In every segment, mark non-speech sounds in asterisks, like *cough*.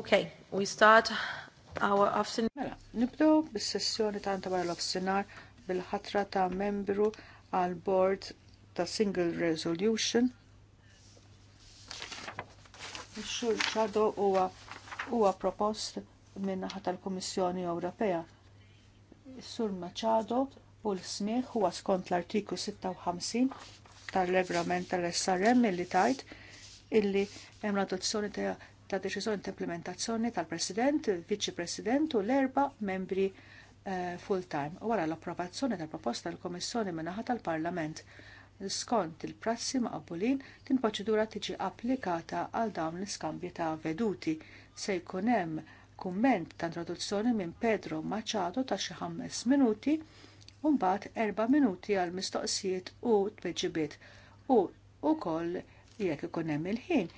Okay, we start our afternoon. Mela, nibdew bis-sessjoni ta' antabar l bil-ħatra ta' membru għal board ta' single resolution. Ix-xur ċado huwa huwa propost minn naħa tal-Kummissjoni Ewropea. Is-sur Maċado u l-smieħ huwa skont l-artiklu 56 tal-reglament tal-SRM illi tajt illi hemm radozzjoni ta' ta' deċiżjoni ta' implementazzjoni tal-President, Viċi President u l-erba membri eh, full-time wara l-approvazzjoni tal-proposta tal-Komissjoni minnaħa tal-Parlament. Skont il-prassi ma' qabbulin din proċedura tiġi applikata għal dawn l-iskambji ta' veduti se jkun hemm kumment ta' introduzzjoni minn Pedro Machado ta' xi ħames minuti mbagħad erba' minuti għal mistoqsijiet u tweġibiet u wkoll jekk ikun hemm il-ħin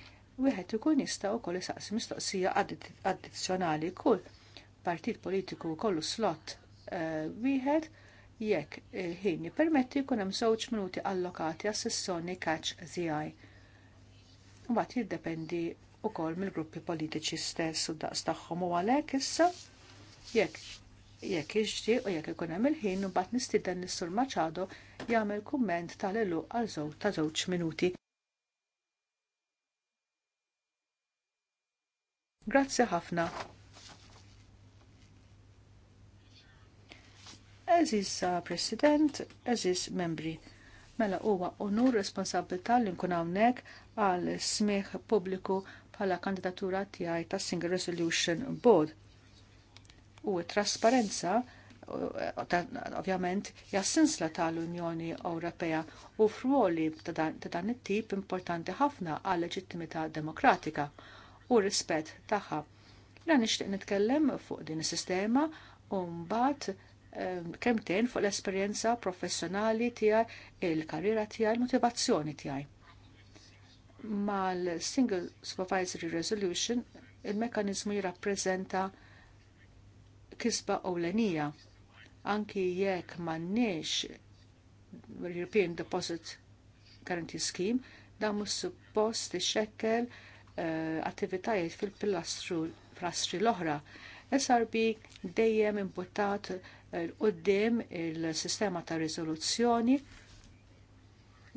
wieħed ikun jista' wkoll isaqsi mistoqsija addizzjonali kull partit politiku kollu slot eh, wieħed jekk ħin jippermetti jkun hemm żewġ minuti allokati għas sessjoni catch ZI. Mbagħad jiddependi wkoll mill-gruppi politiċi stess u daqs tagħhom u għalhekk issa jekk jekk jixtieq u jekk ikun hemm il-ħin u mbagħad nistieden nis-sur Maċado jagħmel kumment tal għeluq għal żewġ ta' żewġ minuti. Grazzi ħafna. Eżis uh, President, eżis membri. Mela huwa onur responsabilità li nkun hawnhekk għal smieħ pubbliku bħala kandidatura tiegħi tas Single Resolution Board. U trasparenza uh, ovvjament jassinsla tal-Unjoni Ewropea u f'ruoli ta' dan it-tip importanti ħafna għal leġittimità demokratika u rispett tagħha. Lan nixtieq nitkellem fuq din is-sistema u mbagħad ehm, kemmtejn fuq l-esperjenza professjonali tiegħi, il-karriera tiegħi, il-motivazzjoni tiegħi. Mal-Single Supervisory Resolution il-mekanizmu jirrappreżenta kisba ewlenija anki jekk m'għandniex European Deposit Guarantee Scheme dan mhux suppost ixekkel. Eh, attivitajiet fil-pilastru frastri l-oħra. SRB dejjem imputat eh, l-qoddim il-sistema ta' riżoluzzjoni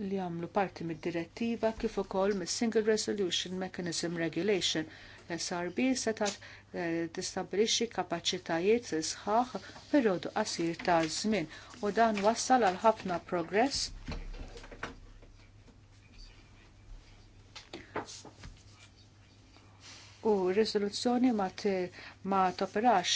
li għamlu parti mid-direttiva kif ukoll mis-Single Resolution Mechanism Regulation SRB setat eh, tistabilixxi kapaċitajiet sħaħ perjodu qasir ta' żmien u dan wassal għal ħafna progress u r-riżoluzzjoni ma toperax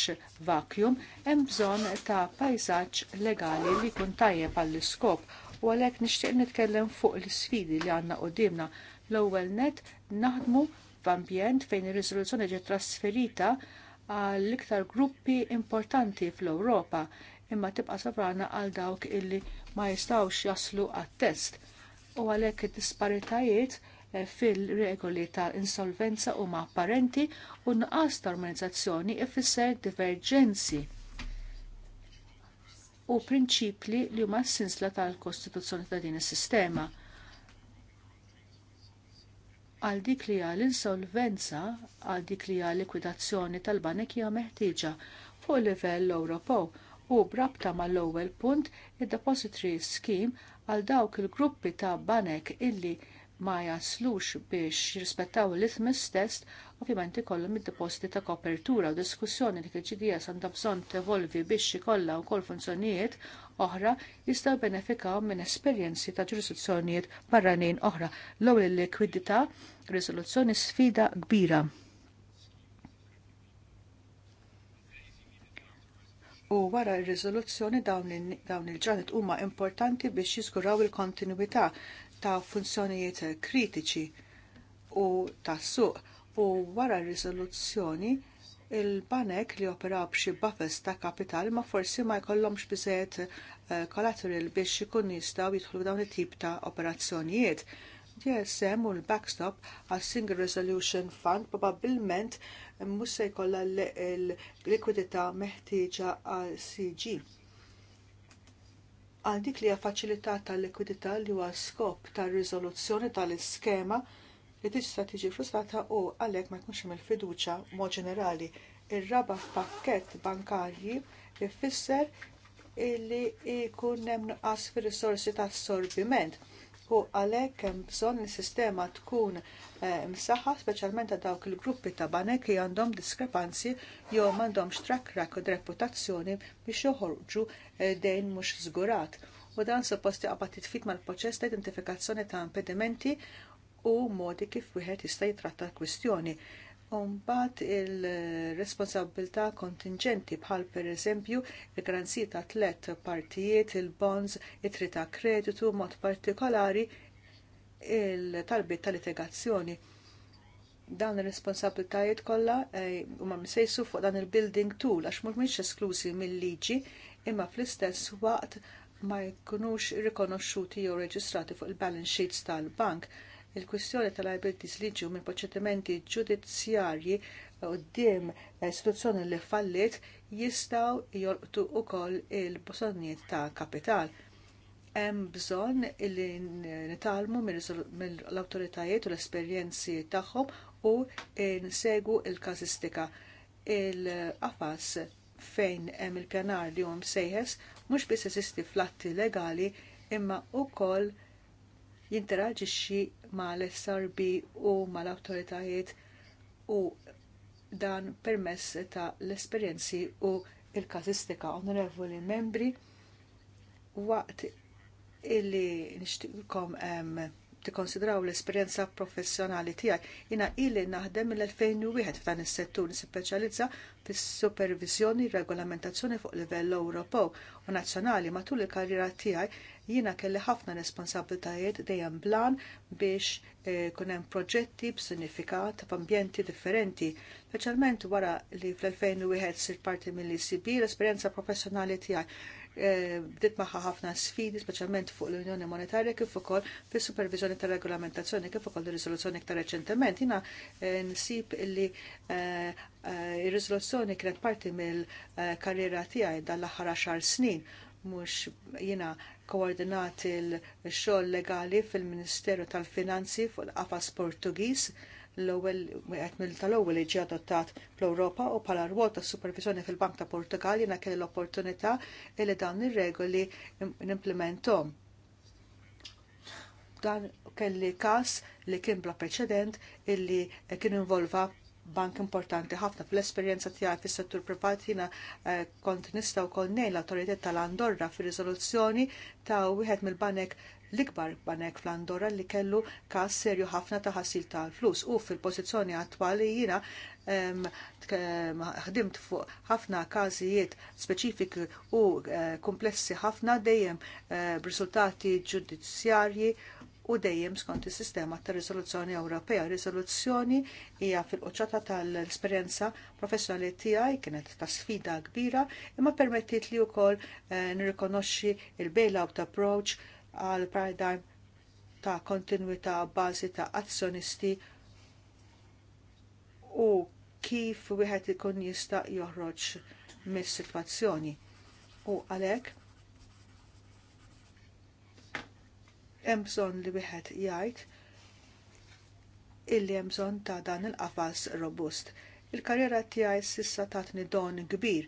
vacuum hemm bżonn ta' pajsaġġ legali li jkun tajjeb għall-iskop u għalhekk nixtieq nitkellem fuq l isfidi li għandna qudiemna l-ewwel net naħdmu f'ambjent fejn ir-riżoluzzjoni ġiet trasferita għall iktar gruppi importanti fl-Ewropa imma tibqa' sovrana għal dawk illi ma jistgħux jaslu għat-test. U għalhekk id-disparitajiet fil-regoli ta' insolvenza huma apparenti u nqas ta' organizzazzjoni ifisser diverġenzi u prinċipli li huma s-sinsla tal-kostituzzjoni ta' din is-sistema. Għal dik li hija l-insolvenza, għal dik li hija likwidazzjoni tal-banek hija meħtieġa fuq livell Ewropew u brabta mal-ewwel punt id-depository scheme għal dawk il-gruppi ta' banek illi ma jaslux biex jirrispettaw l-ithm stess, ovvjament ikollhom id deposti ta' kopertura u diskussjoni li kil għandha bżonn tevolvi biex ikollha wkoll funzjonijiet oħra jistgħu benefikaw minn esperjenzi ta' ġurisdizzjonijiet barranin oħra. L-ewwel il-likwidità riżoluzzjoni sfida kbira. u wara r-riżoluzzjoni dawn il-ġranet huma importanti biex jiżguraw il-kontinuità ta' funzjonijiet kritiċi u ta' suq u wara r riżoluzzjoni il-banek li operaw b'xi buffers ta' kapital ma forsi ma jkollhomx biżejjed eh, collateral biex ikun jistgħu jidħlu dawn it-tip ta' operazzjonijiet. DSM u l-backstop għas Single Resolution Fund probabbilment mhux se jkollha l-likwidità meħtieġa għal CG għal dik li faċilità tal-likwidità li huwa skop tar-riżoluzzjoni tal-iskema li tista' tiġi frustrata u għalhekk ma jkunx il-fiduċja mod ġenerali. Ir-raba pakkett bankarji ifisser li jkun hemm nuqqas fir-risorsi ta' assorbiment u għalhekk hemm bżonn il sistema tkun eh, msaħħa speċjalment ta' dawk il-gruppi ta' banek li għandhom diskrepanzi jew m'għandhomx track record reputazzjoni biex joħorġu eh, dejn mhux żgurat. U dan suppost jaqbad titfit mal-proċess ta' identifikazzjoni ta' impedimenti u modi kif wieħed jista' jitratta l-kwistjoni. Umbat il responsabilta kontingenti bħal per eżempju il-garanzija ta' tlet partijiet, il-bonds, it-tri ta' kreditu, mod partikolari il-talbiet tal-litigazzjoni dan ir-responsabiltajiet kollha eh, huma misajsu fuq dan il-building tool għax mhumiex esklużi mill-liġi imma fl-istess waqt ma jkunux rikonoxxuti jew reġistrati fuq il-balance sheets tal-bank il-kwistjoni tal-liabilities li ġew minn proċedimenti ġudizzjarji qudiem istituzzjoni li fallit jistgħu jolqtu wkoll il-bosonijiet ta' kapital. Hemm bżonn li nitalmu mill-awtoritajiet u l-esperjenzi tagħhom u nsegu il-każistika. Il-qafas fejn hemm il-pjanar li huma msejħes, mhux biss fl flatti legali imma wkoll jinteraġixxi mal-SRB u mal-awtoritajiet u dan permess ta' l-esperjenzi u l kazistika onorevoli membri waqt illi hemm tikkonsidraw l-esperjenza professjonali tiegħi. Jiena ili naħdem mill-2001 f'dan is-settur nispeċjalizza fis-supervizjoni regolamentazzjoni fuq livell Ewropew u nazzjonali matul il-karriera tiegħi jiena kelli ħafna responsabbiltajiet dejjem blan biex eh, kun hemm proġetti b'sinifikat f'ambjenti differenti, speċjalment wara li fl-2001 sir parti mill-ICB l-esperjenza professjonali tiegħi bdiet magħha ħafna sfidi, speċjalment fuq l-Unjoni Monetarja kif ukoll fis-supervizjoni tar-regolamentazzjoni kif ukoll ir-riżoluzzjoni aktar reċentement. Jiena eh, nsib illi eh, eh, ir-riżoluzzjoni kienet parti mill-karriera tiegħi dal-aħħar għaxar snin mhux jina koordinat il xogħol legali fil-Ministeru tal-Finanzi fuq l-qafas Portugiż l-ewwel wieħed mill tal-ewwel li ġie adottat fl-Ewropa u bħala rwol ta' supervizjoni fil-Bank ta' Portugal jiena kelli l-opportunità li dawn ir-regoli nimplementhom. Dan kelli każ li kien bla preċedent illi kien involva bank importanti ħafna fl-esperjenza tiegħi fis-settur privat jiena eh, kont nista' wkoll ngħid l-awtoritet tal-Andorra fir-riżoluzzjoni ta' wieħed mill-banek l-ikbar banek fl-Andorra li kellu każ serju ħafna ta' ħasil ta' flus u fil-pożizzjoni attwali jiena ħdimt fuq ħafna każijiet speċifiki u eh, komplessi ħafna dejjem eh, b'riżultati ġudizzjarji u dejjem skont is-sistema ta' riżoluzzjoni Ewropea. Riżoluzzjoni hija fil-qoċata tal-esperjenza professjonali tiegħi kienet ta' sfida kbira imma permettit li wkoll eh, nirrikonoxxi il-bailout approach għal paradigm ta' kontinuità bażi ta' azzjonisti u kif wieħed ikun jista' joħroġ mis-sitwazzjoni. U għalhekk hemm bżonn li wieħed jgħid illi hemm bżonn ta' dan il-qafas robust. Il-karriera tiegħi sissa tatni don kbir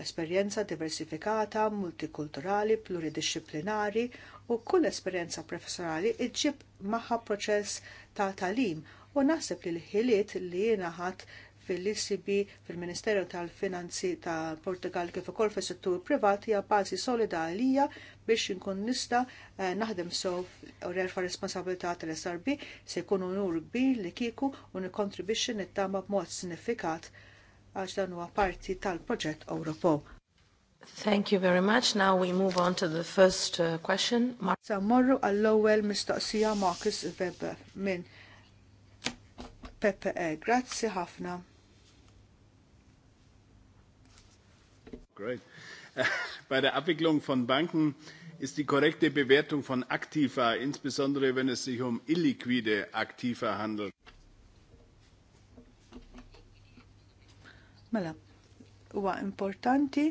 esperjenza diversifikata, multikulturali, pluridisciplinari u kull esperjenza professorali iġib magħha proċess ta' talim u naħseb li l-ħiliet li jiena fil-ICB fil-Ministeru tal-Finanzi tal Portugal kif ukoll fis-settur privat hija bażi solida għalija biex inkun nista eh, naħdem sew u nerfa' responsabilità tal-SRB se jkun unur kbir li kieku u nikontribixxi nittama b'mod sinifikat għax dan huwa parti tal-proġett Ewropew. Thank you very much. Now we move on to the first uh, question. Mar Sa morru għall-ewwel mistoqsija Marcus Weber minn PPE. Grazzi ħafna. Great. *laughs* Bei der Abwicklung von Banken ist die korrekte Bewertung von Aktiva, insbesondere wenn es sich um illiquide Aktiva handelt. Mela, huwa importanti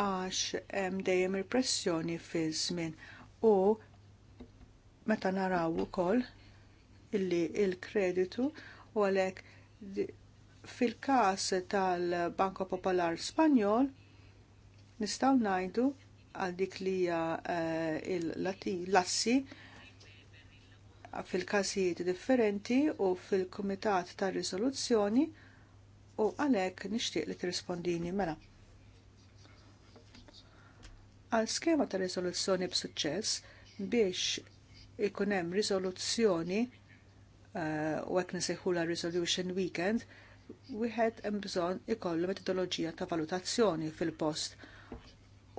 għax hemm dejjem il-pressjoni fi żmien u meta naraw ukoll illi il-kreditu u għalhekk fil-każ tal-Banko Popolar Spanjol nistgħu ngħidu għal dik li hija eh, l-assi fil-każijiet differenti u fil-kumitat ta' riżoluzzjoni u għalhekk nixtieq li tirrispondini mela. Għal skema ta' riżoluzzjoni b'suċċess biex ikun hemm riżoluzzjoni eh, u hekk nisejħula Resolution Weekend, wieħed hemm bżonn ikollu metodoloġija ta' valutazzjoni fil-post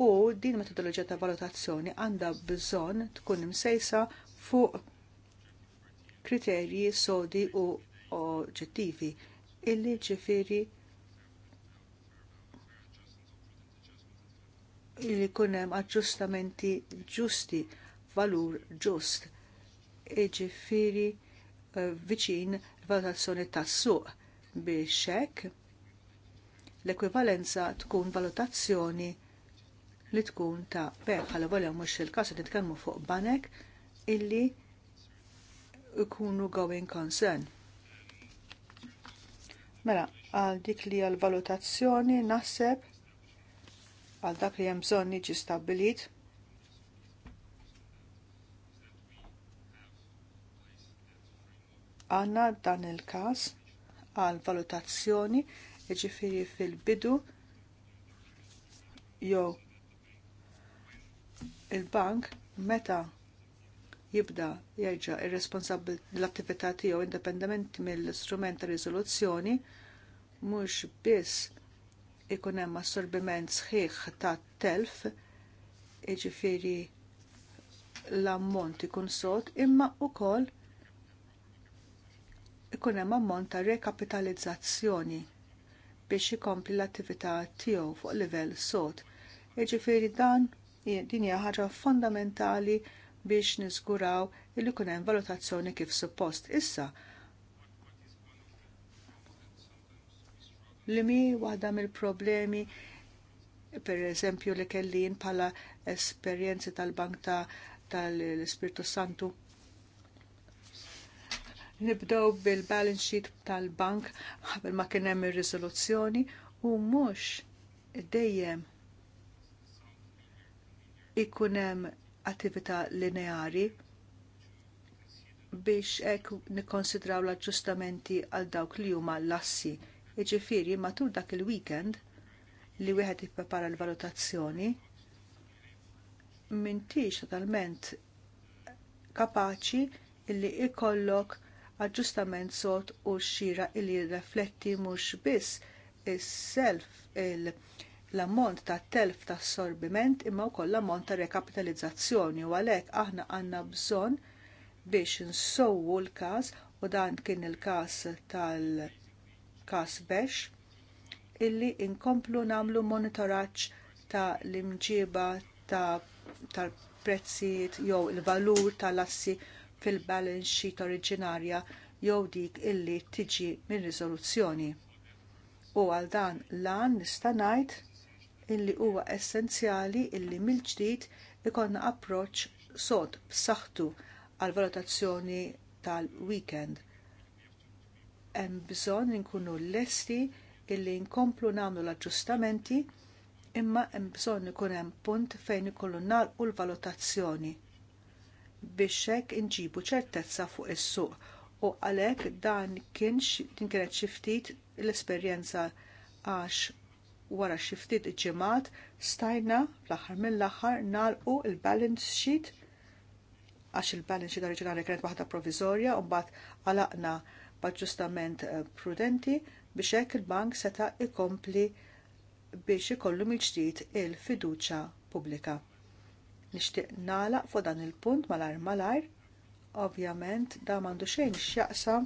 u din metodoloġija ta' valutazzjoni għandha bżonn tkun imsejsa fuq kriterji sodi u oġġettivi illi ġifiri illi kunem aġġustamenti ġusti, valur ġust, ġifiri eh, viċin valutazzjoni tas-suq biex hekk l-ekwivalenza tkun valutazzjoni li tkun ta' bekk għal volja mhux il-każ nitkellmu fuq banek illi ikunu going concern. Mela, għal dik li għal valutazzjoni naħseb għal dak li hemm bżonn jiġi stabbilit għanna dan il-kas għal valutazzjoni ġifiri fil-bidu jew il-bank meta jibda jerġa' ir responsabbil l-attività tiegħu indipendenti mill-istrument ta' riżoluzzjoni mhux biss ikun hemm assorbiment sħiħ ta' telf jiġifieri l-ammont ikun sod imma wkoll ikun hemm ammont ta' rekapitalizzazzjoni biex ikompli l-attività tiegħu fuq livell sod. Jiġifieri dan din hija ħaġa fondamentali biex niżguraw li kun hemm valutazzjoni kif suppost. Issa l mi waħda mill-problemi per eżempju li kellin pala esperjenzi tal-bank ta, tal-Spiritu Santu nibdow bil-balance sheet tal-bank qabel ma kien hemm ir-riżoluzzjoni u mhux dejjem ikun hemm attività lineari biex hekk nikkonsidraw l-aġġustamenti għal dawk li huma l-assi. Jiġifieri matul dak il-weekend li wieħed jipprepara l-valutazzjoni m'intix totalment kapaċi illi ikollok aġġustament sod u x-xira illi jirrefletti mhux biss is-self il-, -self, il l-ammont ta' telf ta' assorbiment imma wkoll l-ammont ta' rekapitalizzazzjoni u għalhekk aħna għandna bżonn biex nsowwu l-każ u dan kien il-każ tal-każ Bex illi inkomplu nagħmlu monitoraġġ ta' l-imġiba tal-prezzijiet jew il-valur tal-assi fil-balance sheet oriġinarja jew dik illi tiġi minn riżoluzzjoni. U għal dan lan nista' ngħid illi huwa essenzjali illi mill-ġdid ikonna approċċ sod b'saħħtu għall valutazzjoni tal-weekend. Hemm bżonn inkunu lesti illi nkomplu nagħmlu l-aġġustamenti imma hemm bżonn ikun hemm punt fejn ikollu nagħlqu l-valutazzjoni biex hekk inġibu ċertezza fuq is-suq u għalhekk dan kienx din kienet xi ftit l-esperjenza għax wara xiftit ġemat stajna fl-aħħar mill-aħħar nalqu il-balance sheet għax il-balance sheet oriġinali kienet waħda provizorja u mbagħad għalaqna b'aġġustament eh, prudenti biex hekk il-bank seta' ikompli biex ikollu mill-ġdid il-fiduċja pubblika. Nixtieq nagħlaq fuq dan il-punt malajr malajr, ovvjament da m'għandu xejn x'jaqsam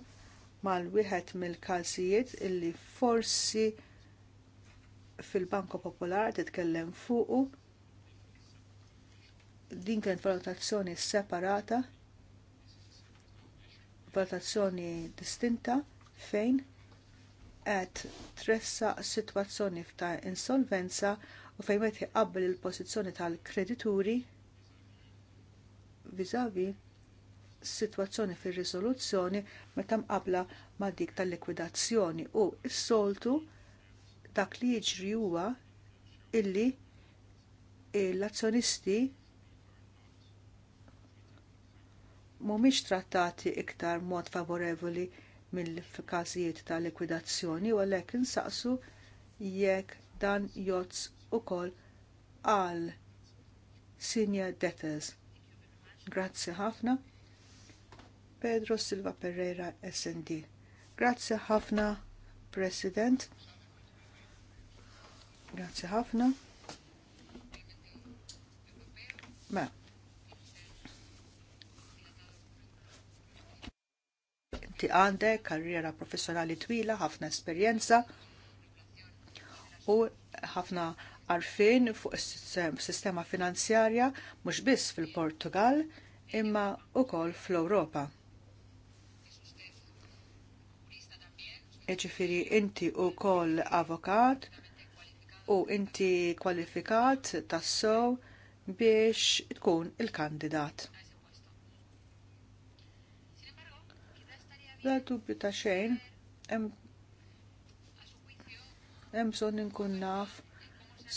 mal-wieħed mill-każijiet illi forsi fil-Banko Popolar titkellem fuqu din kienet valutazzjoni separata valutazzjoni distinta fejn qed tressaq sitwazzjoni ta' insolvenza u fejn qed iqabbel il-pożizzjoni tal-kredituri viżavi sitwazzjoni fir-riżoluzzjoni meta mqabbla ma' dik tal-likwidazzjoni u s-soltu dak li jiġri huwa illi l-azzjonisti mhumiex trattati iktar mod favorevoli mill-każijiet ta' likwidazzjoni u għalhekk insaqsu jekk dan jozz ukoll għal senior debtors. Grazzi ħafna. Pedro Silva Pereira SD. Grazzi ħafna, President. Grazzi ħafna. Ma. Mela. Ti għandek karriera professjonali twila, ħafna esperjenza u ħafna għarfin fuq sistema finanzjarja mhux biss fil-Portugal imma wkoll fl-Ewropa. Eġifiri inti wkoll avokat u inti kwalifikat tassow biex tkun il-kandidat. La dubju ta' xejn, hemm bżonn inkun naf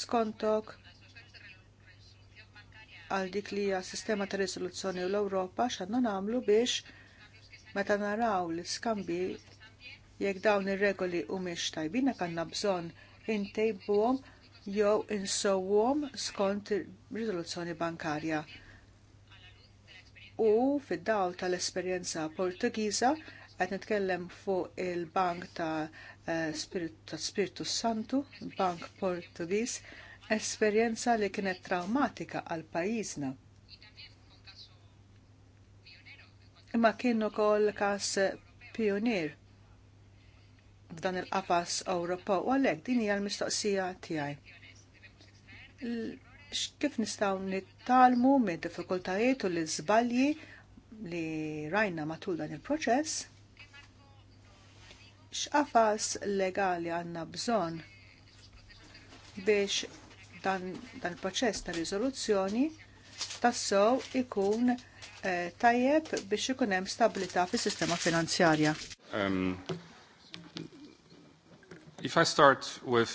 skontok għal dik li hija sistema ta' riżoluzzjoni l-Ewropa x'għandna nagħmlu biex meta naraw l-iskambji jekk dawn ir-regoli humiex tajbin hekk għandna bżonn intejbuhom jew insowhom skont riżoluzzjoni bankarja. U fid-dawl tal-esperjenza Portugiża qed nitkellem fuq il-Bank ta' eh, Spiritu, Spiritu Santu, Bank Portugiż, esperjenza li kienet traumatika għal pajjiżna. Imma kien ukoll każ pionier f'dan il-qafas Ewropa u għalhekk din hija l-mistoqsija tiegħi. Kif nistgħu nittalmu mid diffikultajiet u l-iżbalji li rajna matul dan il-proċess? X'qafas legali għandna bżonn biex dan, dan il-proċess ta' riżoluzzjoni tassew ikun eh, tajjeb biex ikun hemm stabilità fis-sistema finanzjarja. If I start with...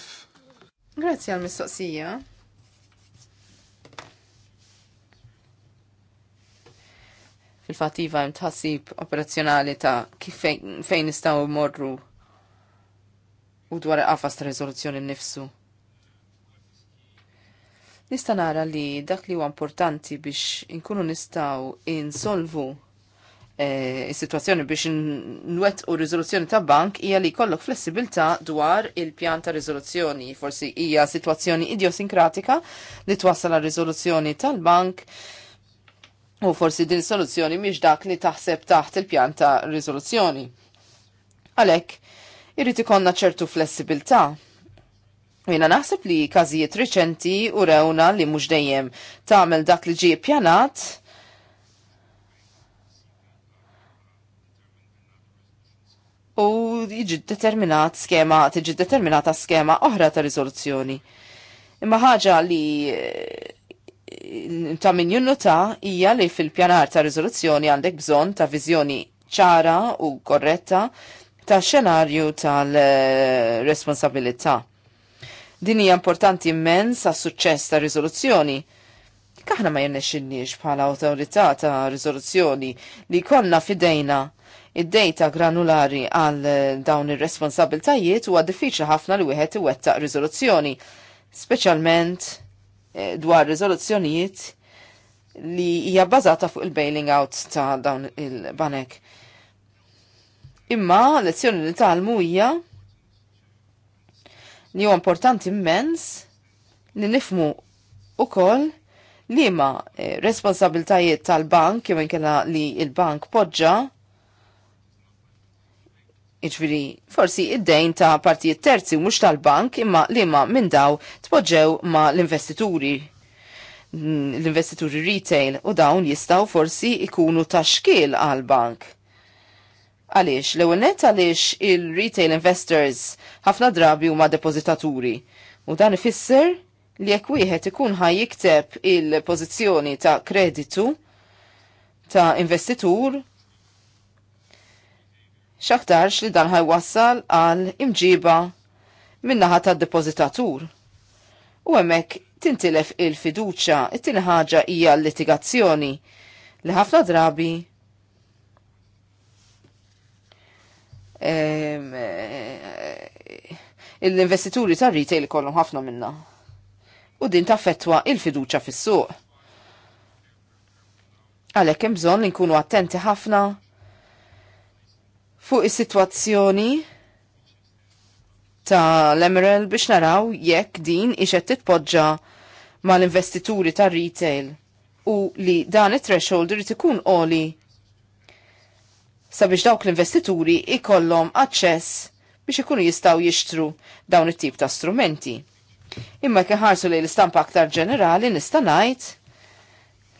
Grazie al mistoqsija. Fil-fativa jem tħassib operazzjonali ta' kif fejn nistaw morru u dwar qafas ta' rezoluzzjoni nifsu. Nista nara li dak li huwa importanti biex inkunu nistaw insolvu Eh, is-sitwazzjoni biex nwet u riżoluzzjoni ta' bank hija li jkollok flessibilità dwar il-pjan ta' riżoluzzjoni. Forsi hija sitwazzjoni idiosinkratika li twassal la riżoluzzjoni tal-bank u forsi din soluzzjoni miex dak li taħseb taħt il-pjan ta' riżoluzzjoni. Għalhekk, irrid ikollna ċertu flessibilità Jena naħseb li kazijiet reċenti u rewna li mhux dejjem tagħmel dak li ġie pjanat u jiġi determinat skema, tiġi determinata skema oħra ta' rizoluzzjoni. Imma ħaġa li eh, ta' min junnuta hija li fil-pjanar ta' rizoluzzjoni għandek bżonn ta' viżjoni ċara u korretta ta' xenarju tal-responsabilità. Din hija importanti immens għas suċċess ta' riżoluzzjoni. Kaħna ma xinniex bħala awtorità ta' Rizoluzzjoni li konna fidejna id-dejta granulari għal dawn ir-responsabiltajiet huwa diffiċli ħafna li wieħed iwettaq riżoluzzjoni, speċjalment eh, dwar riżoluzzjonijiet li hija bbażata fuq il-bailing out ta' dawn il-banek. Imma lezzjoni li talmu hija li huwa importanti immens li nifmu ukoll li ma eh, responsabiltajiet tal-bank jew inkella li il-bank poġġa Iġviri, forsi id-dejn ta' partijiet terzi mhux tal-bank imma li ma minn daw tpoġġew ma l-investituri mm, l-investituri retail u dawn jistaw forsi ikunu ta' xkil għal-bank. Għaliex, l net għalix il-retail investors ħafna drabi huma depozitaturi u dan ifisser li jekk wieħed ikun ħaj jikteb il-pożizzjoni ta' kreditu ta' investitur xaktarx li dan ħajwassal għal imġiba minnaħat tad depozitatur U hemmhekk tintilef il-fiduċa, it-tieni hija l-litigazzjoni li ħafna drabi eh, l-investituri ta' retail kollhom ħafna minna. U din fetwa il-fiduċa fis-suq. Għalhekk hemm bżonn li nkunu attenti ħafna fuq is-sitwazzjoni ta' l-Emerald biex naraw jekk din ixed titpoġġa mal-investituri tar retail u li dan it-threshold irid ikun qoli sabiex dawk l-investituri ikollhom aċċess biex ikunu jistaw jixtru dawn it-tip ta' strumenti. Imma kien ħarsu li l-istampa aktar ġenerali nista' ngħid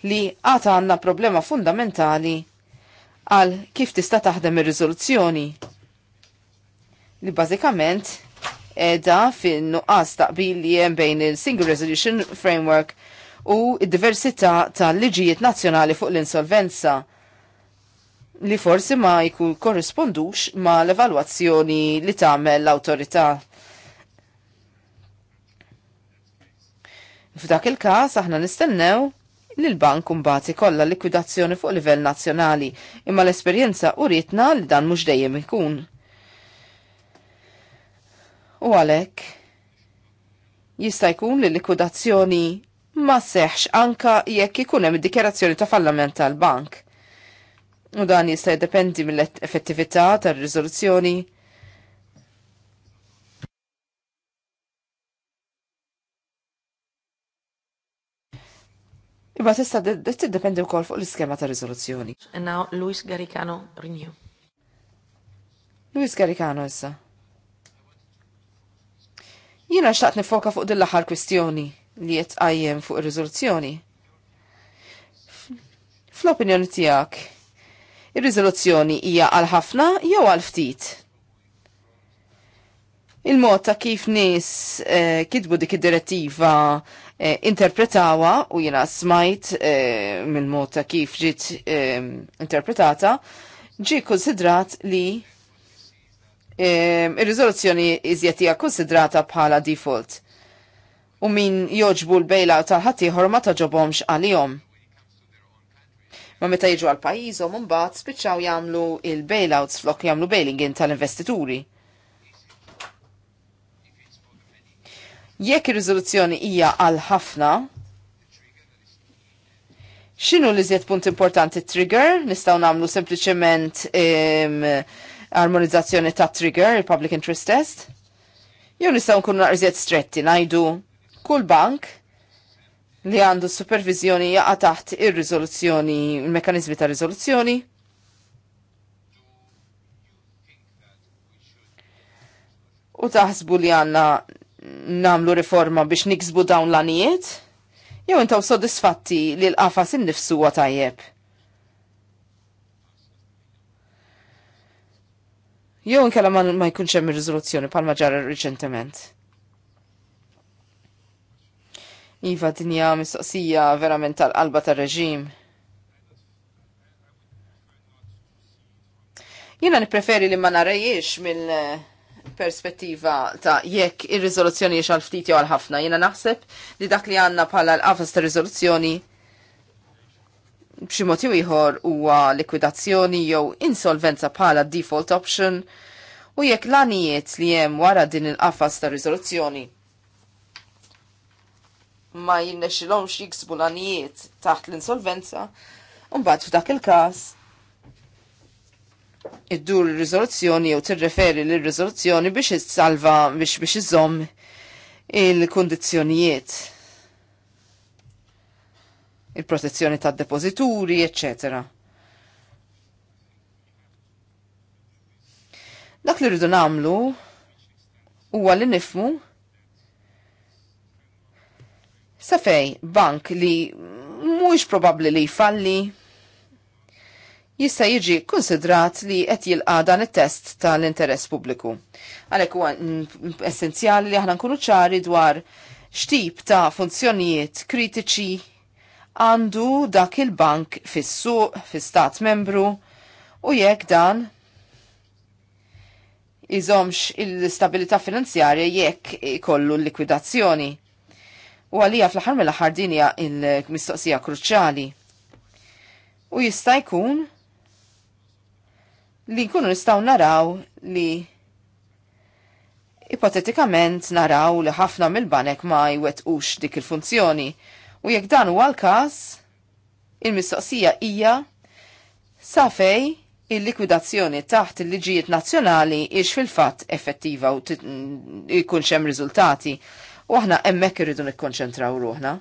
li għata għandna problema fundamentali għal kif tista' taħdem ir-riżoluzzjoni li bażikament edha fin-nuqqas taqbil li hemm bejn il-Single Resolution Framework u id-diversità tal-liġijiet nazzjonali fuq l-insolvenza li forsi ma jkun korrispondux ma l-evalwazzjoni li tagħmel l-awtorità. F'dak il-każ aħna nistennew li l-bank mbagħad ikollha likwidazzjoni fuq livell nazzjonali, imma l-esperjenza uritna li dan mhux dejjem ikun. U għalhekk jista' jkun li likwidazzjoni ma seħx anka jekk ikun hemm id-dikjerazzjoni ta' fallament tal-bank. U dan jista' jiddependi mill-effettività tar-riżoluzzjoni Iba tista' tiddependi wkoll fuq l-iskema ta' riżoluzzjoni. And now Luis Garicano Renew. Luis Garicano issa. Jiena xtaqt nifoka fuq din l-aħħar kwistjoni li jett għajjem fuq ir-riżoluzzjoni. Fl-opinjoni tiegħek, ir-riżoluzzjoni hija għal ħafna jew għal ftit? il-mod ta' kif nis eh, kitbu dik id-direttiva eh, interpretawa u jina smajt eh, mill-mod ta' kif ġiet eh, interpretata, ġi konsidrat li eh, il-rizoluzzjoni iżjetija konsidrata bħala default. U min joġbu l-bailout tal-ħattijħor ma taġobomx għalihom. Ma meta jiġu għal-pajizom, un-bat spiċċaw jamlu il-bailouts flok jamlu bailing in tal-investituri. Jekk ir-riżoluzzjoni hija għal ħafna, x'inhu li żied punt importanti trigger? Nistgħu nagħmlu sempliċement armonizzazzjoni ta' trigger, il-public interest test? Jew nistgħu nkunu naqriżiet stretti ngħidu kull bank li għandu supervizjoni jaqa taħt ir-riżoluzzjoni, il-mekanizmi ta' riżoluzzjoni. U taħsbu li għanna namlu riforma biex niksbu dawn l-anijiet? Jew intaw soddisfatti li l-qafas innifsu huwa tajjeb? Jew inkella ma jkunx hemm ir-riżoluzzjoni bħalma ġar riċentement. Iva dinja mistoqsija verament tal-qalba tar-reġim. Jiena nippreferi li ma narejiex mill- perspettiva ta' jekk ir-riżoluzzjoni għal ftit jew ħafna. Jiena naħseb li dak li għandna bħala l-qafas ta' rizoluzzjoni b'xi motiv ieħor huwa likwidazzjoni jew insolvenza bħala default option u jekk l-anijiet li hemm wara din il-qafas ta' riżoluzzjoni ma jinnexxilhomx jiksbu l-anijiet taħt l-insolvenza, mbagħad f'dak il-każ iddur il rizoluzzjoni jew tirreferi l-rizoluzzjoni biex issalva biex biex iżomm il kundizzjonijiet il-protezzjoni tad depozituri eccetera. Dak li rridu nagħmlu huwa li nifmu sa fej bank li mhuwiex probabbli li jfalli jista' jiġi konsidrat li qed jilqa' dan it-test tal-interess pubbliku. Għalhekk huwa essenzjali li aħna nkunu ċari dwar x'tip ta' funzjonijiet kritiċi għandu dak il-bank fis-suq, fis-stat membru u jekk dan iżomx il-stabilità finanzjarja jekk ikollu l-likwidazzjoni. U għalija fl-ħar mill-ħar il-mistoqsija kruċali. U jista' jkun li nkunu nistgħu naraw li ipotetikament naraw li ħafna mill-banek ma jwettqux dik il-funzjoni. U jekk dan huwa l-każ, il-mistoqsija hija sa fej il-likwidazzjoni taħt il-liġijiet nazzjonali ix fil-fatt effettiva u jkun xem riżultati. U aħna hemmhekk irridu nikkonċentraw ruħna.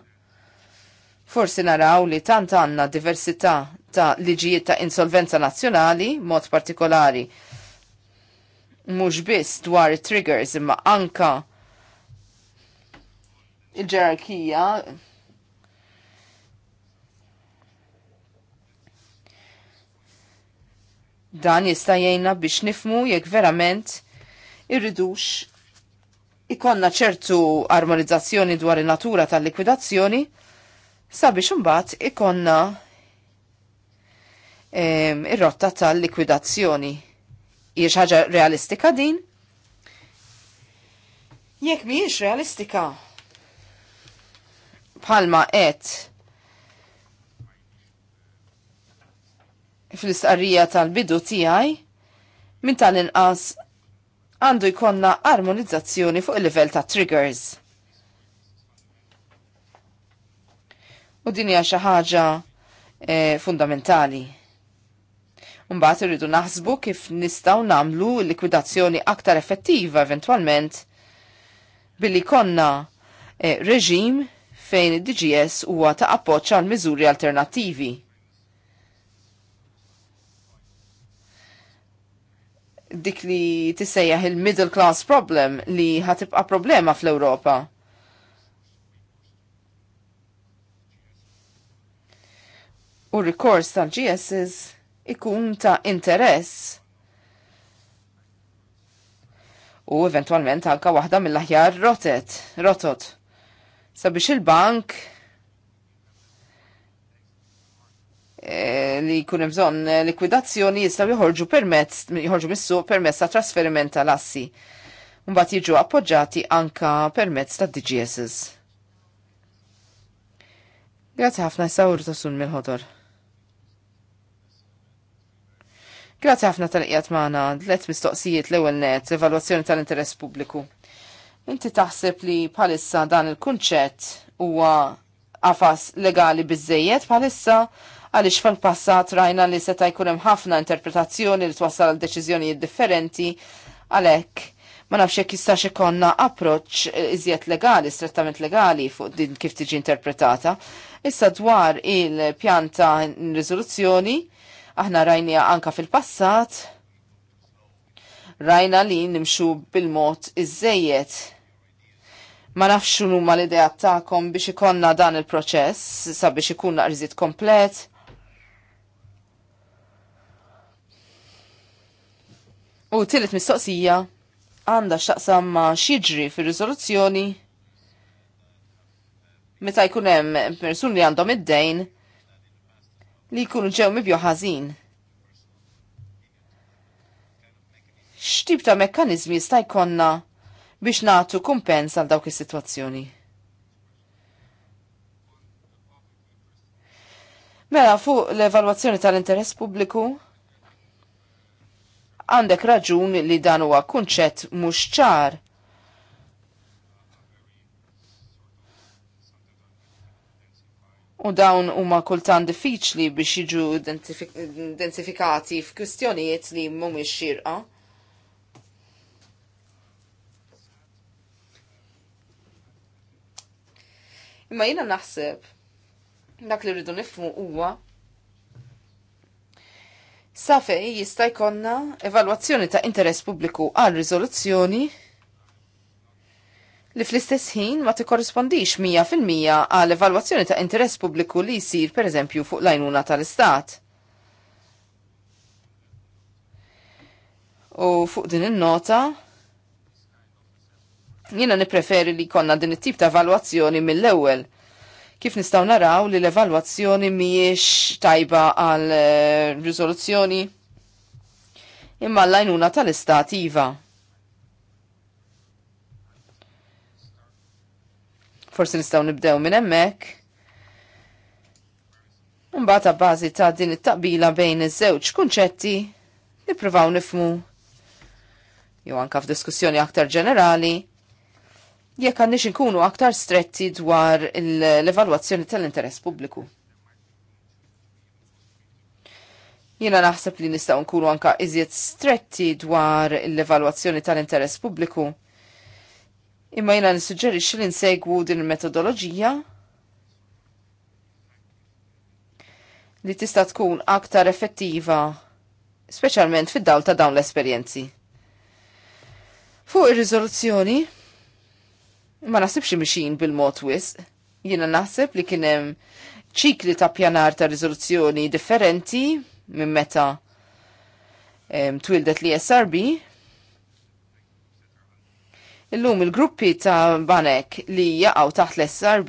Forsi naraw li tant għanna diversità ta' liġijiet ta' insolvenza nazzjonali, mod partikolari, mhux biss dwar triggers imma anka il-ġerarkija dan jista' jgħinna biex nifmu jekk verament irridux ikonna ċertu armonizzazzjoni dwar in-natura tal-likwidazzjoni sabiex imbagħad ikonna ir-rotta tal-likwidazzjoni. Hija ħaġa realistika din? Jekk mhijiex realistika. Bħalma qed fl-istqarrija tal-bidu tiegħi minn tal-inqas għandu jkollna armonizzazzjoni fuq il-livell ta' triggers. U din hija xi ħaġa eh, fundamentali. Mbagħad irridu naħsbu kif nistgħu nagħmlu likwidazzjoni aktar effettiva eventwalment billi konna eh, reġim fejn id-DGS huwa ta' appoġġ għal miżuri alternattivi. Dik li tissejjaħ il-middle class problem li ħatibqa' problema fl-Ewropa u rikors tal-GSs ikun ta' interess u eventualment għalka waħda mill-aħjar rotet, rotot. Sabiex il-bank eh, li jkun hemm bżonn likwidazzjoni jistgħu joħorġu permezz joħorġu mis-suq permezz ta' trasferiment tal-assi. Mbagħad jiġu appoġġati anka permezz ta' DGSs. Grazie ħafna sawr ta' sun mill-ħodor. Grazzi ħafna tal-qiegħed maħna, let mistoqsijiet l-ewwel net, evalwazzjoni tal-interess pubbliku. Inti taħseb li bħalissa dan il-kunċett huwa għafas legali bizzejiet bħalissa għaliex fil-passat rajna li seta' jkun hemm ħafna interpretazzjoni li twassal għal deċiżjonijiet differenti għalhekk ma nafx jekk jistax ikonna approċ eh, iżjed legali, strettament legali fuq din kif tiġi interpretata. Issa dwar il-pjanta riżoluzzjoni Aħna rajnija anka fil-passat, rajna li nimxu bil-mod iż Ma nafx huma l-idea tagħkom biex ikonna dan il-proċess sabiex ikun naqriżit komplet. U tillet mistoqsija għandha x'taqsam ma xiġri fir-riżoluzzjoni meta jkun hemm persuni li għandhom id-dejn li jkunu ġew mibju ħażin. X'tip ta' mekkaniżmi jista' jkollna biex nagħtu kumpens għal dawk is-sitwazzjoni? Mela fuq l-evalwazzjoni tal-interess pubbliku għandek raġun li dan huwa kunċett mhux ċar U dawn huma kultan diffiċli biex jiġu identifikati f'kwistjonijiet li mhumiex xirqa. Imma jiena naħseb dak li rridu nifmu huwa fejn jista' jkollna evalwazzjoni ta' interess pubbliku għal riżoluzzjoni li fl-istess ħin ma tikkorrispondix 100% għal evalwazzjoni ta' interess pubbliku li jsir pereżempju fuq l-għajnuna tal-Istat. U fuq din il-nota, jiena nipreferi li konna din it-tip ta' evalwazzjoni mill-ewwel. Kif nistgħu naraw li l-evalwazzjoni miex tajba għal eh, riżoluzzjoni imma l-għajnuna tal-istat iva. Forsi nistgħu nibdew minn hemmhekk. Imbagħad ta' bażi ta' din it-taqbila bejn iż-żewġ kunċetti nippruvaw nifmu jew anka f'diskussjoni aktar ġenerali jekk għandix inkunu aktar stretti dwar l-evalwazzjoni tal-interess pubbliku. Jiena naħseb li nistgħu nkunu anka iżjed stretti dwar l-evalwazzjoni tal-interess pubbliku Imma jina nissuġġerixxi li nsegwu din il-metodoloġija li tista' tkun aktar effettiva speċjalment fid-dawl ta' dawn l-esperjenzi. Fuq ir rizoluzzjoni ma naħsibx mixin bil-mod wisq. Jiena naħseb li kien hemm ċikli ta' pjanar ta' rizoluzzjoni differenti minn meta twildet li SRB Illum il-gruppi ta' banek li jaqgħu taħt l-SRB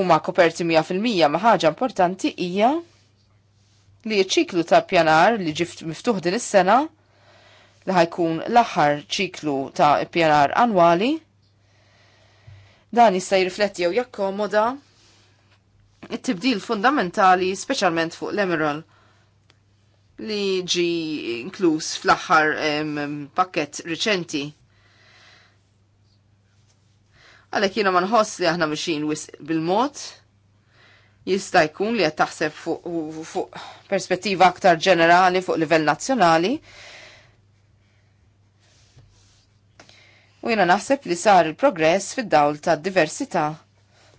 huma koperti 100% ma' ħaġa importanti hija li ċ-ċiklu ta' pjanar li ġift miftuħ din is-sena li ħajkun l-aħħar ċiklu ta' pjanar annwali dan jista' jirrifletti jew jakkomoda it-tibdil fundamentali speċjalment fuq l-emerald li ġi inkluż fl-aħħar pakket riċenti. Għalhekk jiena ma nħoss li aħna mixin bil-mod jista' jkun li qed taħseb fuq fu perspettiva aktar ġenerali fuq livell nazzjonali. U jiena naħseb li sar il-progress fid-dawl ta' diversità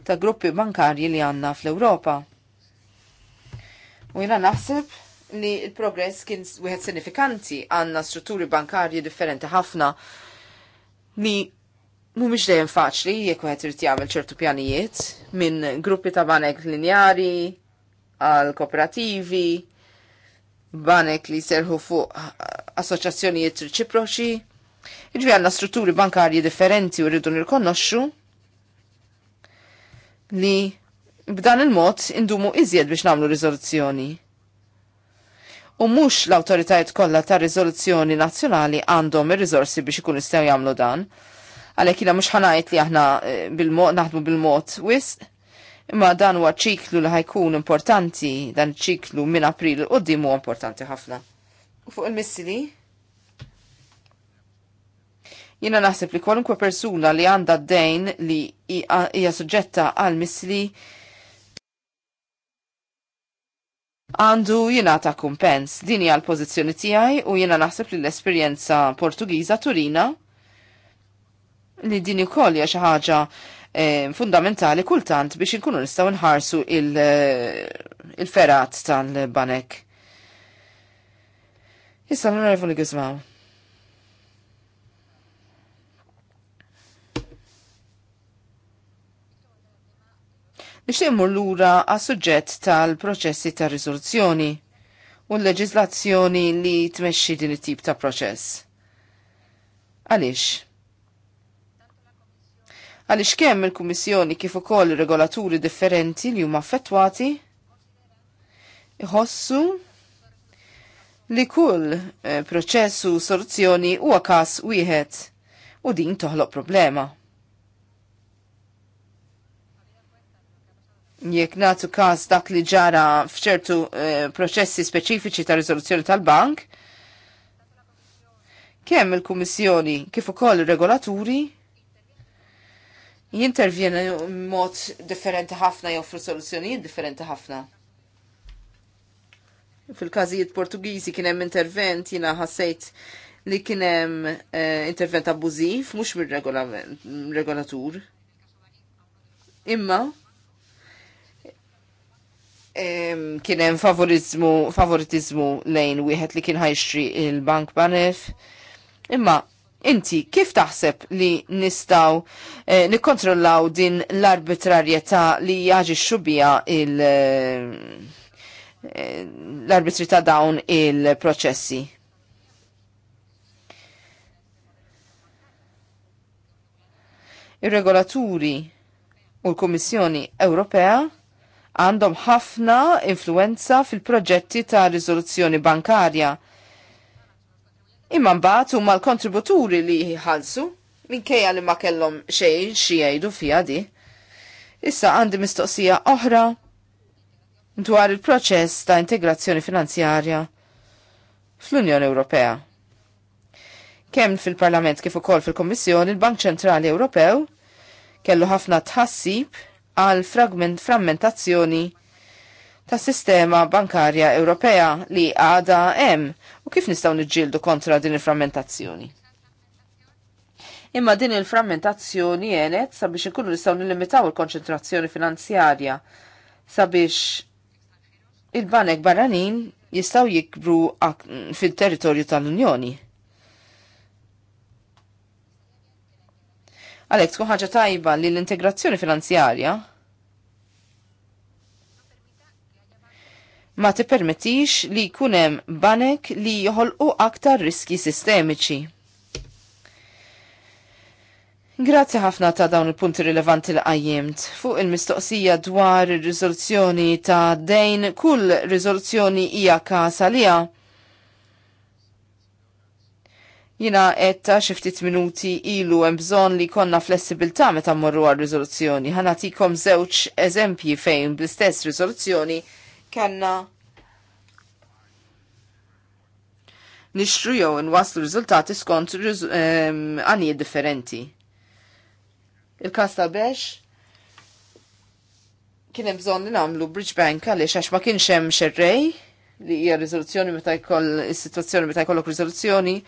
ta' gruppi bankarji li għandna fl-Ewropa. U jiena naħseb li il-progress kien wieħed sinifikanti għandna strutturi bankarji differenti ħafna li mhumiex dejjem faċli jekk wieħed irid jagħmel ċertu pjanijiet minn gruppi ta' banek linjari għal kooperativi, banek li serħu fuq assoċjazzjonijiet reċiproċi. Iġvi għanna strutturi bankarji differenti u rridu nirkonnoxxu li b'dan il-mod indumu iżjed biex namlu riżoluzzjoni u mhux l-awtoritajiet kollha ta' rizoluzzjoni nazzjonali għandhom ir-riżorsi biex ikun jistgħu jagħmlu dan. Għalhekk jina mhux ħanajt li aħna eh, bil naħdmu bil-mod wisq, imma dan huwa ċiklu li ħajkun importanti, dan ċiklu minn April u huwa importanti ħafna. U fuq il-missili? Jina naħseb li kwalunkwe persuna li għanda d-dejn li hija suġġetta għal missili għandu jina ta' kumpens. Dini għal pozizjoni tijaj u jina naħseb li l-esperienza Portugiza Turina li dini koll jaxa ħaġa e, fundamentali kultant biex inkunu nistaw nħarsu eh, il-ferat il tal-banek. Issa l li għizmaw. Nixtiemur immur lura għas suġġett tal-proċessi ta' rizoluzzjoni u l-leġiżlazzjoni li tmexxi din it-tip ta' proċess. Għaliex? Għaliex kemm il-Kummissjoni kif ukoll regolaturi differenti li huma affettwati iħossu li kull eh, proċessu soluzzjoni huwa każ wieħed u din toħloq problema. jekk natu każ dak li ġara f'ċertu eh, proċessi speċifiċi ta' riżoluzzjoni tal-bank, kemm il-Kummissjoni kif ukoll ir-regolaturi jintervjena mod differenti ħafna jew soluzzjonijiet differenti ħafna. Fil-każijiet Portugiżi kien hemm intervent jiena ħassejt li kien hemm eh, intervent abbużiv mhux mir-regolatur. Imma kienem favoritizmu lejn wieħed li kien ħajxri il-Bank Banef. Imma inti kif taħseb li nistaw eh, nikkontrollaw din l-arbitrarjetà li jaġi xubija il- eh, l-arbitri ta' dawn il-proċessi? Ir-regolaturi u l-Kummissjoni Ewropea għandhom ħafna influenza fil-proġetti ta' riżoluzzjoni bankarja. Imma mbagħad huma l-kontributuri li jħallsu minkejja li ma kellhom xejn xi jgħidu fiha di. Issa għandi mistoqsija oħra dwar il-proċess ta' integrazzjoni finanzjarja fl-Unjoni Ewropea. Kemm fil-Parlament kif ukoll fil-Kommissjoni il-Bank Ċentrali Ewropew kellu ħafna tħassib għal fragment frammentazzjoni ta' sistema bankarja Ewropea li għada hemm u kif nistgħu niġġieldu kontra din il-frammentazzjoni. Imma din il-frammentazzjoni jenet sabiex ikunu nistgħu nilimitaw il-konċentrazzjoni finanzjarja sabiex il-banek barranin jistgħu jikbru fil-territorju tal-Unjoni. Għalhekk tkun ħaġa tajba li l-integrazzjoni finanzjarja ma tippermettix li jkun hemm banek li joħolqu aktar riski sistemiċi. Grazzi ħafna ta' dawn il-punti rilevanti l qajjimt Fuq il-mistoqsija dwar ir-riżoluzzjoni ta' dejn, kull riżoluzzjoni hija kasalija. Jina etta xiftit minuti ilu hemm bżonn li konna flessibilta meta mmorru għal riżoluzzjoni. Ħanatikom żewġ eżempji fejn bl-istess rizoluzzjoni kanna nixtru jew inwaslu riżultati skont riz ehm, differenti. Il-kas ta' bex kien hemm bżonn li nagħmlu bridge bank għaliex għax ma kienx hemm xerrej li hija riżoluzzjoni meta jkoll is-sitwazzjoni meta jkollok riżoluzzjoni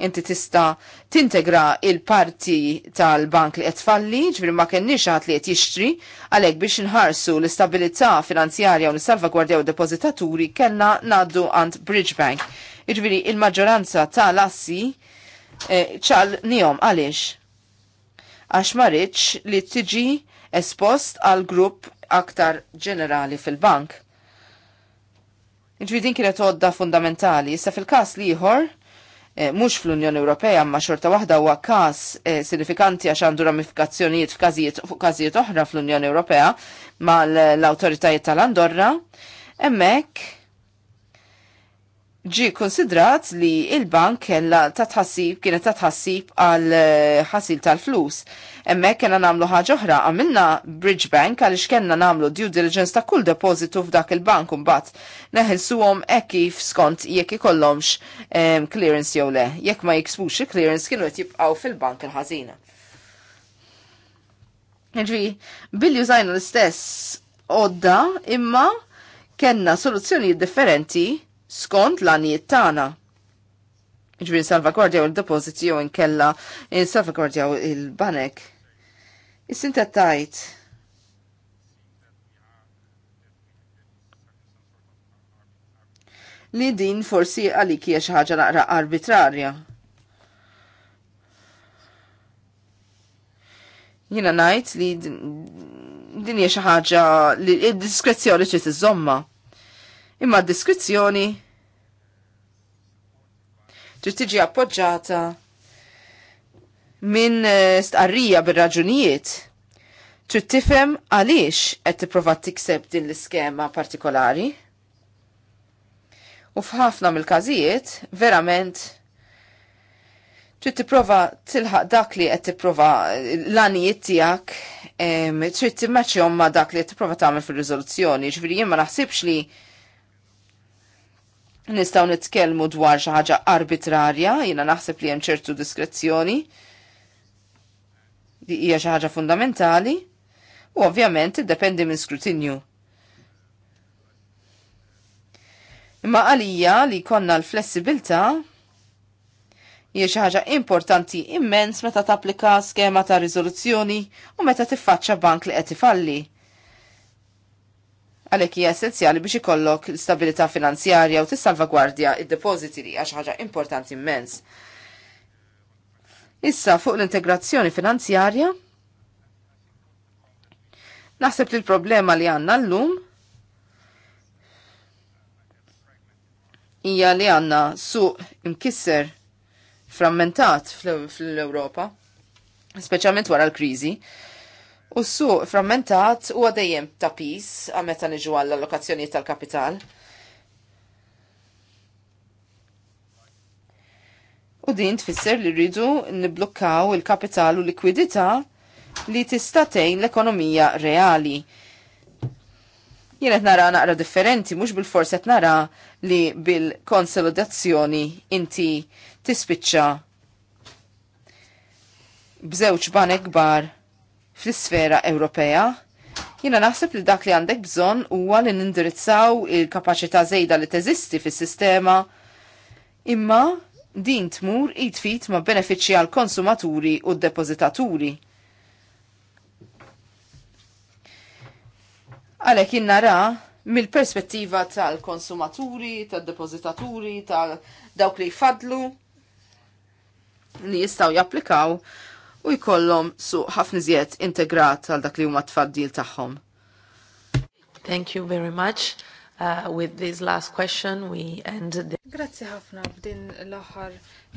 inti tista tintegra il-parti tal-bank li qed ġvir ma kenniex ħadd li qed jixtri, għalhekk biex inħarsu l-istabilità finanzjarja u nissalvagwardjaw depożitaturi kellna ngħaddu għand Bridge Bank. Iġviri il-maġġoranza tal-assi eh, ċal eh, għalix. għaliex. Għax ma li tiġi espost għal grupp aktar ġenerali fil-bank. Ġvidin kienet għodda fundamentali, issa fil-kas liħor, Eh, mhux fl-Unjoni Ewropea ma xorta waħda huwa każ eh, sinifikanti għax għandu ramifikazzjonijiet f'każijiet oħra fl-Unjoni Ewropea mal-awtoritajiet tal-Andorra. Hemmhekk ġi konsidrat li il-bank kella ta' tħassib, kienet ta' tħassib għal eh, ħasil tal-flus. Emme kena namlu ħaġa oħra, għamilna Bridge Bank għalix kena namlu due diligence ta' kull depozitu f'dak il-bank umbat. Neħil suwom e kif skont jekk kollomx um, clearance jew le. Jekk ma jiksbux clearance kienu jibqaw fil-bank il-ħazina. Ġi, billi użajna l-istess odda imma kena soluzzjoni differenti skont l-għanijiet tagħna. Ġbir u l depoziti jew inkella u l banek Is-sinta tajt. Li din forsi għalik hija xi ħaġa naqra arbitrarja. Jina najt li din hija xi ħaġa li d-diskrezzjoni trid iżomma. Imma d diskrizzjoni trid tiġi appoġġata minn eh, stqarrija bil raġunijiet trid tifhem għaliex qed tipprova tikseb din l-iskema partikolari. U f'ħafna mill-każijiet verament trid tipprova tilħaq dak li qed tipprova l-għanijiet tiegħek trid timmaċċjhom ma' dak li qed tipprova tagħmel fir-riżoluzzjoni, ġifieri jien ma naħsibx li Nistaw nitkellmu dwar xi ħaġa arbitrarja, jiena naħseb li hemm ċertu diskrezzjoni. li hija xi ħaġa fundamentali u ovvjament iddependi minn skrutinju. Imma għalija li konna l flessibilità hija xi ħaġa importanti immens meta tapplika skema ta' riżoluzzjoni u meta tiffaċċa bank li qed ifalli għalhekk hija essenzjali biex ikollok stabilità finanzjarja u tissalvagwardja id-depożiti li għax ħaġa importanti immens. Issa fuq l-integrazzjoni finanzjarja, naħseb li l-problema li għanna l-lum hija li għanna suq imkisser frammentat fl-Europa, specialment wara l-kriżi, U s-suq frammentat u għadajem ta' pis għameta niġu għall allokazzjoni tal-kapital. U din tfisser li rridu niblukkaw il-kapital u likwidità li tista' tgħin l-ekonomija reali. Jien qed nara naqra differenti mhux bil-fors qed nara li bil-konsolidazzjoni inti tispiċċa bżewġ banek kbar fl-isfera Ewropea. Jina naħseb li dak li għandek bżon huwa li nindirizzaw il-kapaċità zejda li teżisti fis-sistema imma din tmur id-fit ma' benefiċċji għal konsumaturi u depozitaturi. Għalek nara mill-perspettiva tal-konsumaturi, tal-depozitaturi, tal-dawk li jfadlu li jistaw japplikaw u jkollhom suq ħafna żjed integrat għal dak li huma tfaddil tagħhom. Thank you very much. Uh, with this last question we end the Grazzi ħafna b'din l-aħħar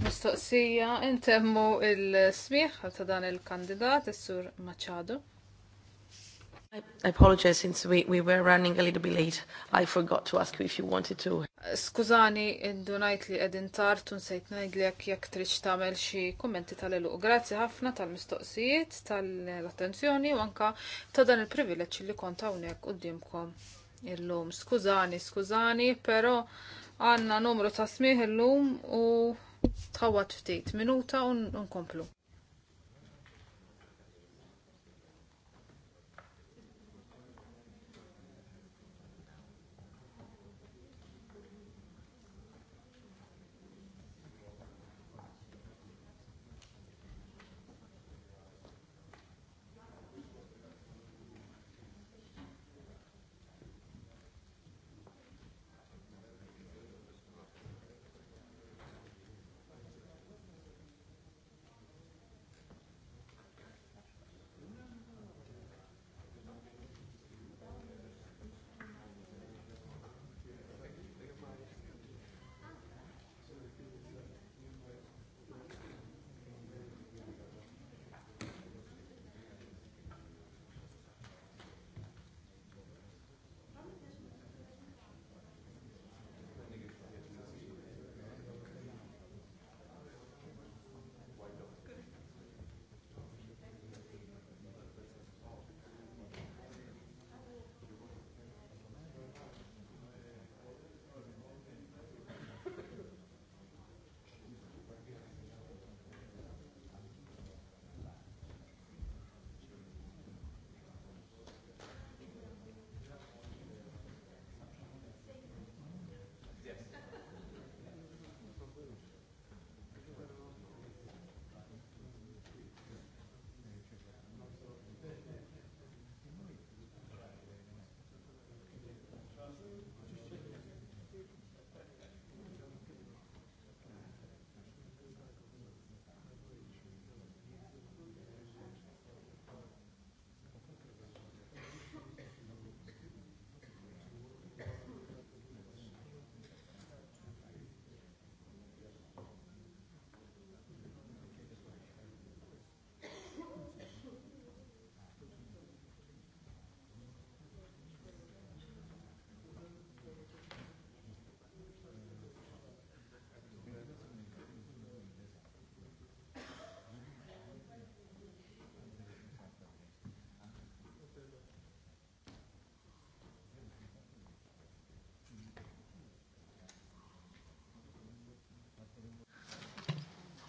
mistoqsija intemmu il-smieħ ta' dan il-kandidat is-sur Machado. I apologize since we, we were running a little bit late. I forgot to ask you if you wanted to. Skużani, indunajt li edin tartu nsejt najd li jek triċ tamel xie kommenti tal-eluq. Grazzi ħafna tal-mistoqsijiet, tal-attenzjoni u anka ta' dan il-privileċ li konta unek u dimkom il-lum. Skużani, skużani, pero għanna numru ta' smieħ il-lum u tħawat ftit minuta un nkomplu.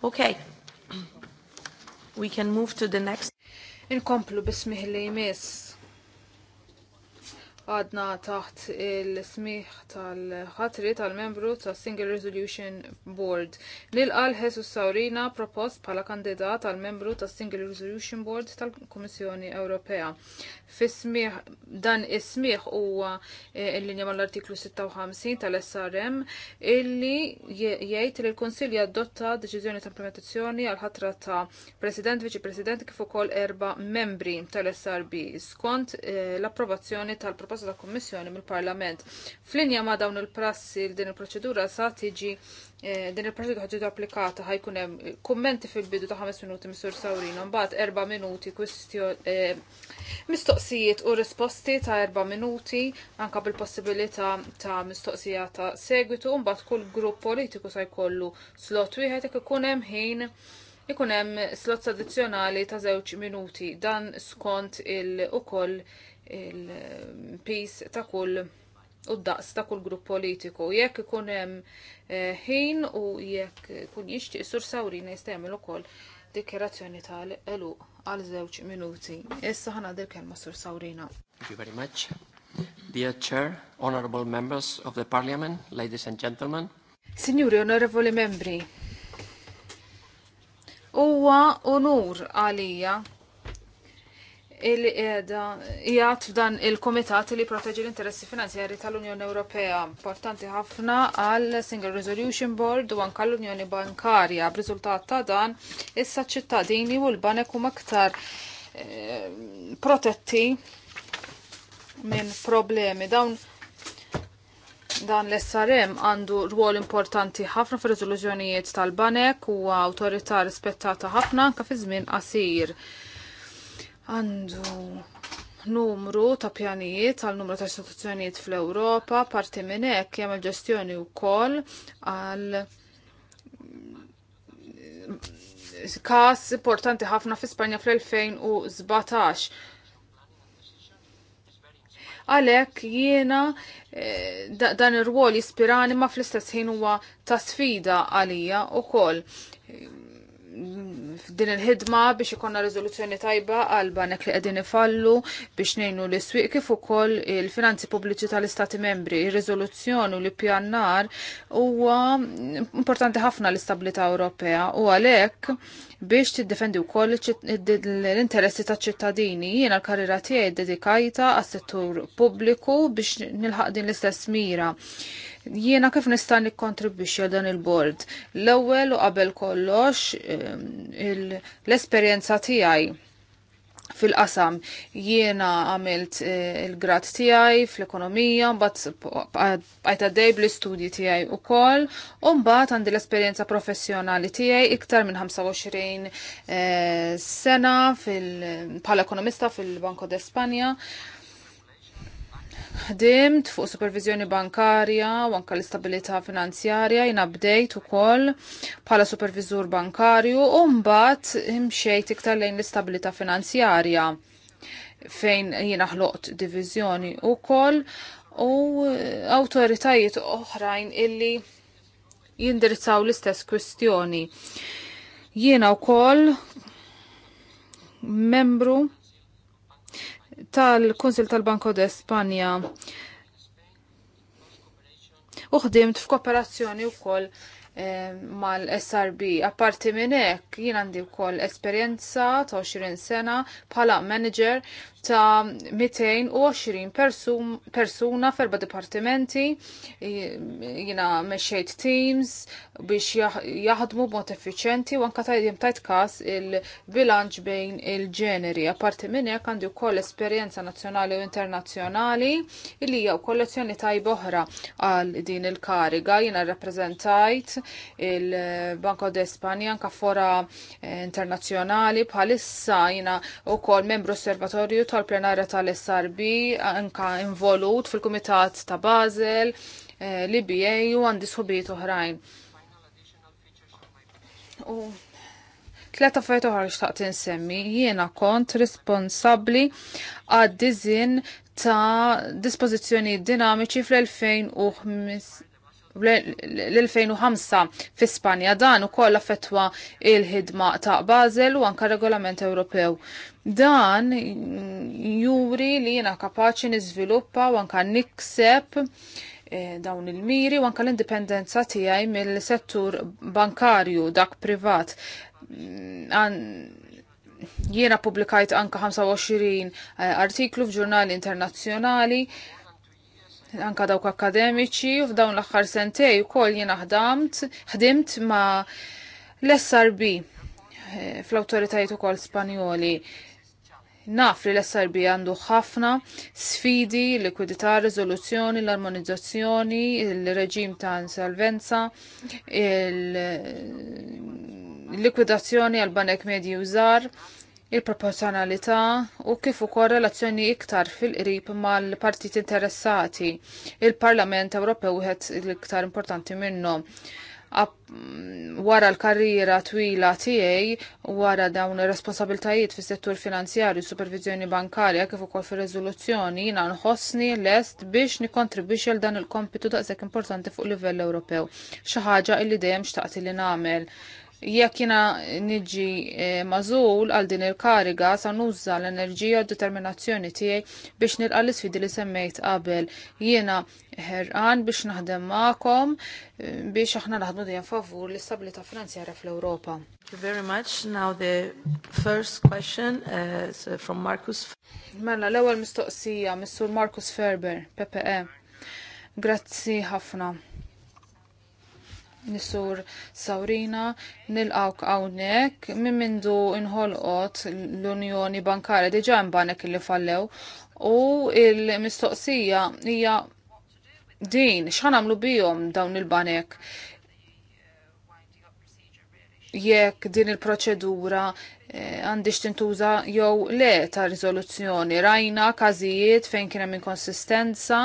Okay. We can move to the next. Inkomplu bismiħ li jmiss għadna taħt il-smiħ tal-ħatri tal-membru ta' Single Resolution Board. Nilqal Jesus Saurina propost bħala kandidat tal-membru ta' Single Resolution Board tal-Komissjoni Ewropea. Fismiħ dan is-smiħ huwa l-linja eh, mal-artiklu 56 tal-SRM illi jgħid li l konsil adotta deċiżjoni ta' implementazzjoni għal ħatra ta' President, Viċi President kif ukoll erba' membri tal-SRB skont eh, l-approvazzjoni tal-proposta proposta ta' Kummissjoni mill-Parlament. Flinja ma' dawn il-prassi din il-proċedura sa' tiġi eh, din il-proċedura ħaġġu applikata ħajkun hemm kummenti fil-bidu ta' 5 minuti Misur Saurino, mbagħad 4 minuti eh, mistoqsijiet u risposti ta' 4 minuti anka bil-possibilità ta' mistoqsija ta' segwitu, mbagħad kull grupp politiku sa' jkollu slot wieħed jekk ikun hemm ħin ikun hemm slots addizzjonali ta' żewġ minuti dan skont il ukoll il peace ta' kull u daqs ta' kull grupp politiku. Jekk ikun hemm eh, ħin u jekk ikun jixtieq sur sawrina jistgħmel ukoll dikjerazzjoni tal-eluq għal żewġ minuti. Issa ħana dil kelma sur sawrina. Thank you very much. Dear Chair, Honorable Members of the Parliament, ladies and gentlemen. Signori onorevoli membri, huwa unur għalija illi qiegħda jgħat f'dan il-Komitat li proteġi l-interessi finanzjari tal-Unjoni Ewropea importanti ħafna għal Single Resolution Board u anke l-Unjoni Bankarja. B'riżultat ta' dan issa ċittadini u l-banek huma aktar eh, protetti minn problemi dawn dan l-SRM għandu rwol importanti ħafna fir riżoluzzjonijiet tal-banek u awtorità rispettata ħafna anke fi żmien qasir għandu numru ta' pjanijiet għal numru ta' istituzzjonijiet fl-Ewropa, parti minn hekk jagħmel ġestjoni wkoll għal każ importanti ħafna fi Spanja fl-2017. Għalhekk jiena eh, dan ir-rwol jispirani ma fl-istess ħin huwa ta' sfida għalija wkoll f'din il-ħidma biex ikonna riżoluzzjoni tajba għal banek li qegħdin ifallu biex ngħinu l swieq kif ukoll il-finanzi pubbliċi tal-Istati membri. il riżoluzzjoni u l-ippjannar huwa importanti ħafna l-istabilità Ewropea u għalhekk biex tiddefendi wkoll l-interessi taċ-ċittadini. Jiena l-karriera tiegħi dedikajta għas-settur pubbliku biex nilħaq din l-istess mira. Jiena kif nista' nikkontribwixxi dan il-bord. L-ewwel u qabel kollox l-esperjenza tiegħi fil-qasam jiena għamilt eh, il-grad tiegħi fl-ekonomija, mbagħad qajt għaddej bl-istudji tiegħi ukoll, u mbagħad għandi l-esperjenza professjonali tiegħi iktar minn 25 eh, sena bħala ekonomista fil-Banko d'Espanja ħdimt fuq supervizjoni bankarja u anka l-istabilità finanzjarja jina bdejt ukoll bħala supervizur bankarju u mbagħad imxejt iktar lejn l-istabilità finanzjarja fejn jina ħloqt diviżjoni ukoll u awtoritajiet oħrajn illi jindirizzaw l-istess kwistjoni. Jiena wkoll membru tal-Kunsil tal-Banko d'Espanja u ħdimt f'kooperazzjoni wkoll eh, mal-SRB. Apparti minn hekk jien għandi wkoll esperjenza ta' 20 sena bħala manager ta' 220 persum, persuna ferba dipartimenti, jina meċċejt teams biex jaħdmu b'mod effiċenti u anka tajdim tajt kas il-bilanċ bejn il-ġeneri. Aparti minn hekk għandi wkoll esperjenza nazzjonali u internazzjonali illi hija kollezzjoni tajba oħra għal din il-kariga. Jina rappreżentajt il-Banko d'Espanja anka fora eh, internazzjonali bħalissa jina wkoll membru osservatorju tal-plenarja tal-SRB anka involut fil-Kumitat ta' Basel, eh, l-IBA u għandi sħobijiet oħrajn. U tleta fejt oħra xtaqt insemmi, jiena kont responsabli għad dizin ta' dispozizjoni dinamiċi fl-2005 l-2005 fi Spanja dan u koll affettwa il-ħidma ta' Basel u anka regolament Ewropew. Dan juri li jina kapaċi nizviluppa u anka nikseb eh, dawn il-miri u anka l-indipendenza tiegħi mill-settur bankarju dak privat. Mm, an jiena publikajt anka 25 eh, artiklu f'ġurnali internazzjonali anka dawk akademiċi u f'dawn l-aħħar sentej ukoll jiena ħdamt ħdimt ma' l-SRB eh, fl-awtoritajiet ukoll Spanjoli. Naf li l-SRB għandu ħafna sfidi, likwidità, riżoluzzjoni, l-armonizzazzjoni, il-reġim ta' insolvenza, il-likwidazzjoni għal banek medji użar, il-proporzjonalità u kif ukoll relazzjoni iktar fil-qrib mal partiti interessati. Il-Parlament Ewropew wieħed l-iktar importanti minnhom. Wara l-karriera twila tiegħi, wara dawn ir-responsabiltajiet fis-settur finanzjarju, u supervizjoni bankarja kif ukoll fir-riżoluzzjoni jiena nħossni lest biex nikkontribwixxi għal dan il-kompitu daqshekk importanti fuq livell Ewropew. Xi ħaġa li dejjem xtaqt li nagħmel Jekk jina niġi eh, mażul għal din il-kariga sa nuża l-enerġija u determinazzjoni tiegħi biex nilqa l-isfidi li semmejt qabel. Jiena ħerqan biex naħdem magħkom eh, biex aħna naħdmu dejjem favur l-istabilità finanzjarja fl-Ewropa. Thank you very much. Now the first question eh, is from Marcus. Mela l-ewwel mistoqsija mis-sur Marcus Ferber, PPE. Grazzi ħafna. Nisur Sawrina, nilqawk għawnek, minn mindu inħolqot l-Unjoni Bankarja diġa mbanek li fallew u il-mistoqsija hija din, xan għamlu bijom dawn il-banek jekk din il-proċedura Eh, għandix tintuża jew le ta' rizoluzzjoni Rajna każijiet fejn kien hemm inkonsistenza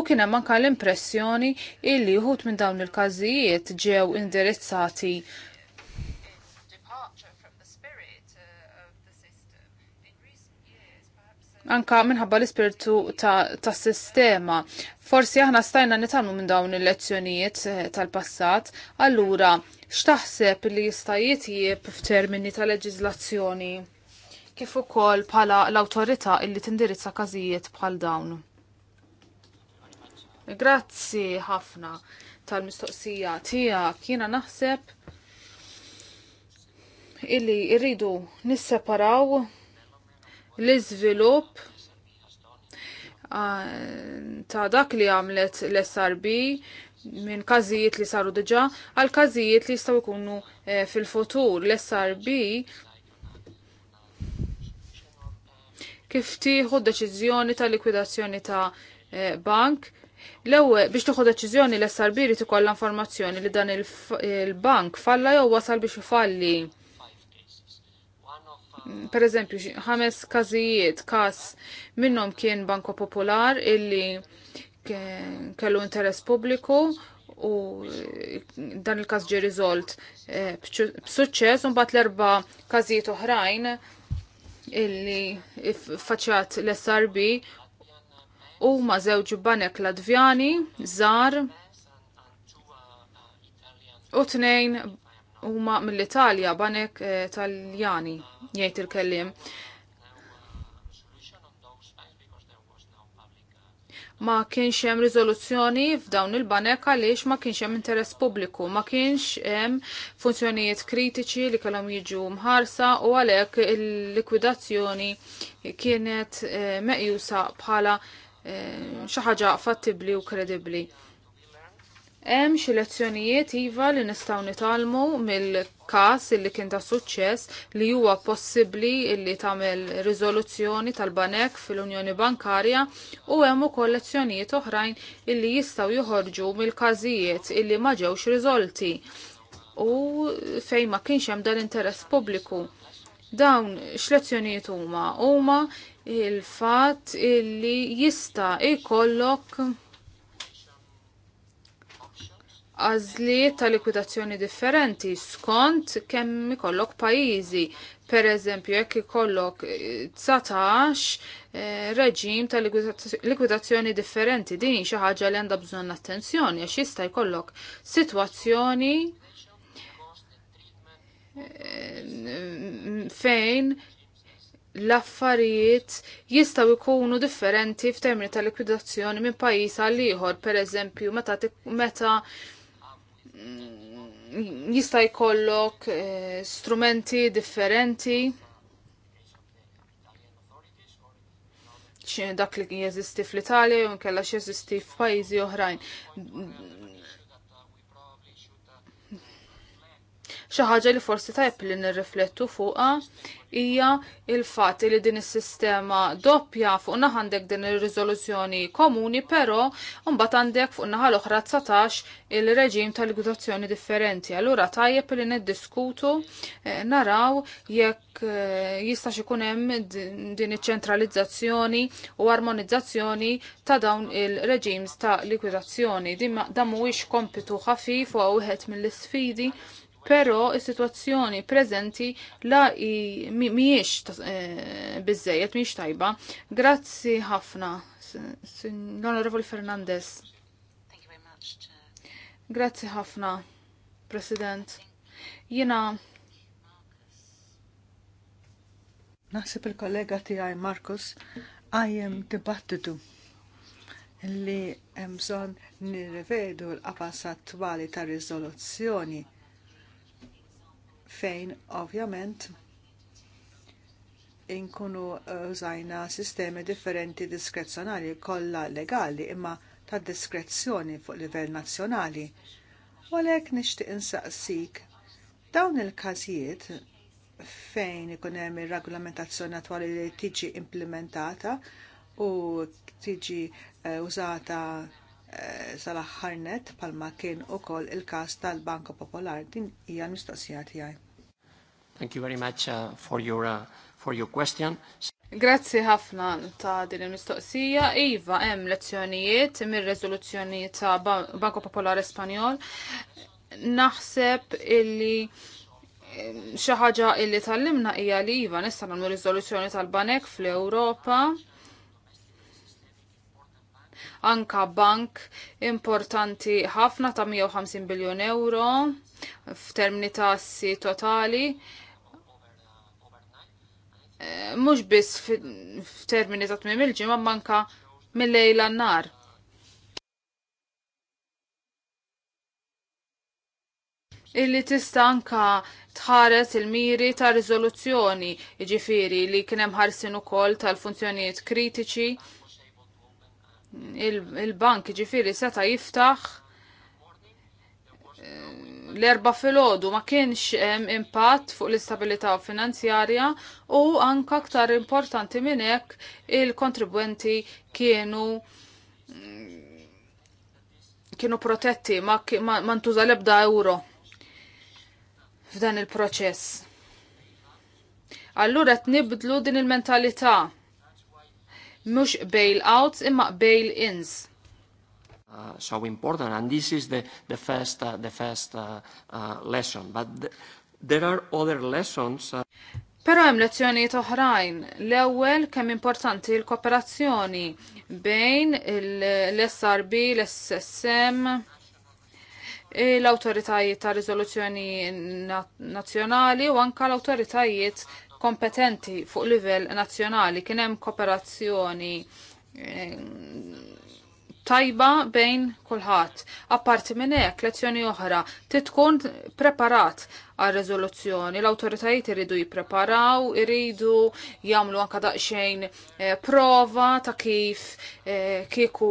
u kien hemm anke l-impressjoni illi wħud minn dawn il-każijiet ġew indirizzati anka minħabba l-ispirtu ta', sistema. Forsi aħna stajna nitamlu minn dawn il-lezzjonijiet eh, tal-passat, allura x'taħseb li jista' jitjieb f'termini ta' leġiżlazzjoni kif ukoll bħala l-awtorità illi tindirizza każijiet bħal dawn. Grazzi ħafna tal-mistoqsija tiegħek. Jiena naħseb illi rridu nisseparaw l-iżvilupp ah, ta' dak li għamlet l-SRB minn każijiet li saru diġa għal każijiet li jistgħu jkunu eh, fil-futur. L-SRB kif tieħu deċiżjoni ta' likwidazzjoni ta' eh, bank L-ewwel biex tieħu deċiżjoni l-SRB li ikollha informazzjoni li dan il-bank falla jew wasal biex ifalli per eżempju, ħames kazijiet, kas minnom kien Banko Popolar illi kellu interess pubbliku u dan il-kas ġi rizolt eh, b'suċċess un bat l-erba kazijiet oħrajn illi faċċat l-SRB u ma zewġ banek Latvjani, Zar, u tnejn huma mill-Italja banek eh, Taljani jgħid il-kellim. ma kienx hemm riżoluzzjoni f'dawn il-banek għaliex ma kienx hemm interess pubbliku, ma kienx hemm funzjonijiet kritiċi li kellhom jiġu mħarsa u għalhekk il-likwidazzjoni kienet eh, meqjusa bħala eh, xi ħaġa fattibbli u kredibbli. Hemm xi lezzjonijiet iva li nistgħu nitalmu mill-każ illi kien ta' suċċess li huwa possibbli li tagħmel riżoluzzjoni tal-banek fil-Unjoni Bankarja u hemm ukoll lezzjonijiet oħrajn illi jistgħu joħorġu mill-każijiet illi ma ġewx riżolti u fejn ma kienx hemm dan interess pubbliku. Dawn x'lezzjonijiet huma? Huma il-fatt illi jista' jkollok għażliet ta' likwidazzjoni differenti skont kemm ikollok pajjiżi. Per eżempju, jekk ikollok 19 eh, eh, reġim ta' likwidazzjoni differenti, din xi ħaġa li għandha bżonn attenzjoni għax jista' jkollok sitwazzjoni eh, fejn l-affarijiet jistaw ikunu differenti f'termini ta' likwidazzjoni minn pajjiż għal ieħor, pereżempju meta meta jista' jkollok eh, strumenti differenti dak li jeżisti fl-Italja jew nkella x'jeżisti f'pajjiżi oħrajn. Xi ħaġa li forsi tajb li nirriflettu fuqha hija il fat li din is-sistema doppja fuq naħa għandek din ir-riżoluzzjoni komuni, però mbagħad għandek fuq naħa l-oħra 19 il-reġim tal-likwidazzjoni differenti. Allura tajjeb li niddiskutu eh, naraw jekk eh, jistax ikun hemm din iċ-ċentralizzazzjoni u armonizzazzjoni ta' dawn il-reġims ta' likwidazzjoni. Dan mhuwiex kompitu ħafif u wieħed mill-isfidi però il sitwazzjoni prezenti la miex eh, bizzejet, miex tajba. Grazzi ħafna, l-Onorevoli Fernandez. Grazzi ħafna, President. Jina Naħseb il-kollega tiegħi Markus għajem dibattitu li hemm bżonn nirrivedu l-qafas attwali ta' riżoluzzjoni fejn ovvjament inkunu eh, użajna sistemi differenti diskrezzjonali kollha legali imma ta' diskrezzjoni fuq livell nazzjonali. U għalhekk nixtieq insaqsik dawn il-każijiet fejn ikun hemm ir-regolamentazzjoni attwali li tiġi implementata u tiġi eh, użata Eh, sal-aħħar net palma kien ukoll il-każ tal-Banka Popolar din hija l-mistoqsija tiegħi. Thank you very much uh, for your uh, for your question. Grazzi ħafna ta' din il-mistoqsija. Iva, hemm lezzjonijiet mir-reżoluzzjoni ta' Banko Popolari Spanjol. Naħseb illi eh, xi ħaġa illi tallimna hija li iva nista' nagħmlu riżoluzzjoni tal-banek fl-Ewropa anka bank importanti ħafna ta' 150 biljon euro f'termini tassi totali eh, mux biss f'termini ta' tmim il ma' manka mill-lejla n-nar. Illi tista' anka tħares il-miri ta' riżoluzzjoni, ġifiri li kienem ħarsin ukoll tal-funzjonijiet kritiċi il-bank il ġifiri seta jiftaħ eh, l-erba filgħodu ma kienx impatt fuq l-istabilità finanzjarja u anka aktar importanti minn hekk il-kontribwenti kienu mm, kienu protetti ma, ma, ma ntuża l-ebda euro f'dan il-proċess. Allura t nibdlu din il-mentalità mhux bail-outs imma bail-ins. Uh, so important, and this is the, the first, uh, the first uh, uh, lesson. But th there are other lessons. Uh... Pero hemm lezzjonijiet oħrajn. L-ewwel kemm importanti l-kooperazzjoni bejn l-SRB, l-SSM, l awtoritajiet ta' riżoluzzjoni nazzjonali u anka l awtoritajiet kompetenti fuq livell nazzjonali kien hemm kooperazzjoni eh, tajba bejn kulħadd. Apparti minn hekk lezzjoni oħra tkun preparat għal riżoluzzjoni. L-awtoritajiet iridu jippreparaw, iridu jagħmlu anke daqsxejn eh, prova ta' kif eh, kieku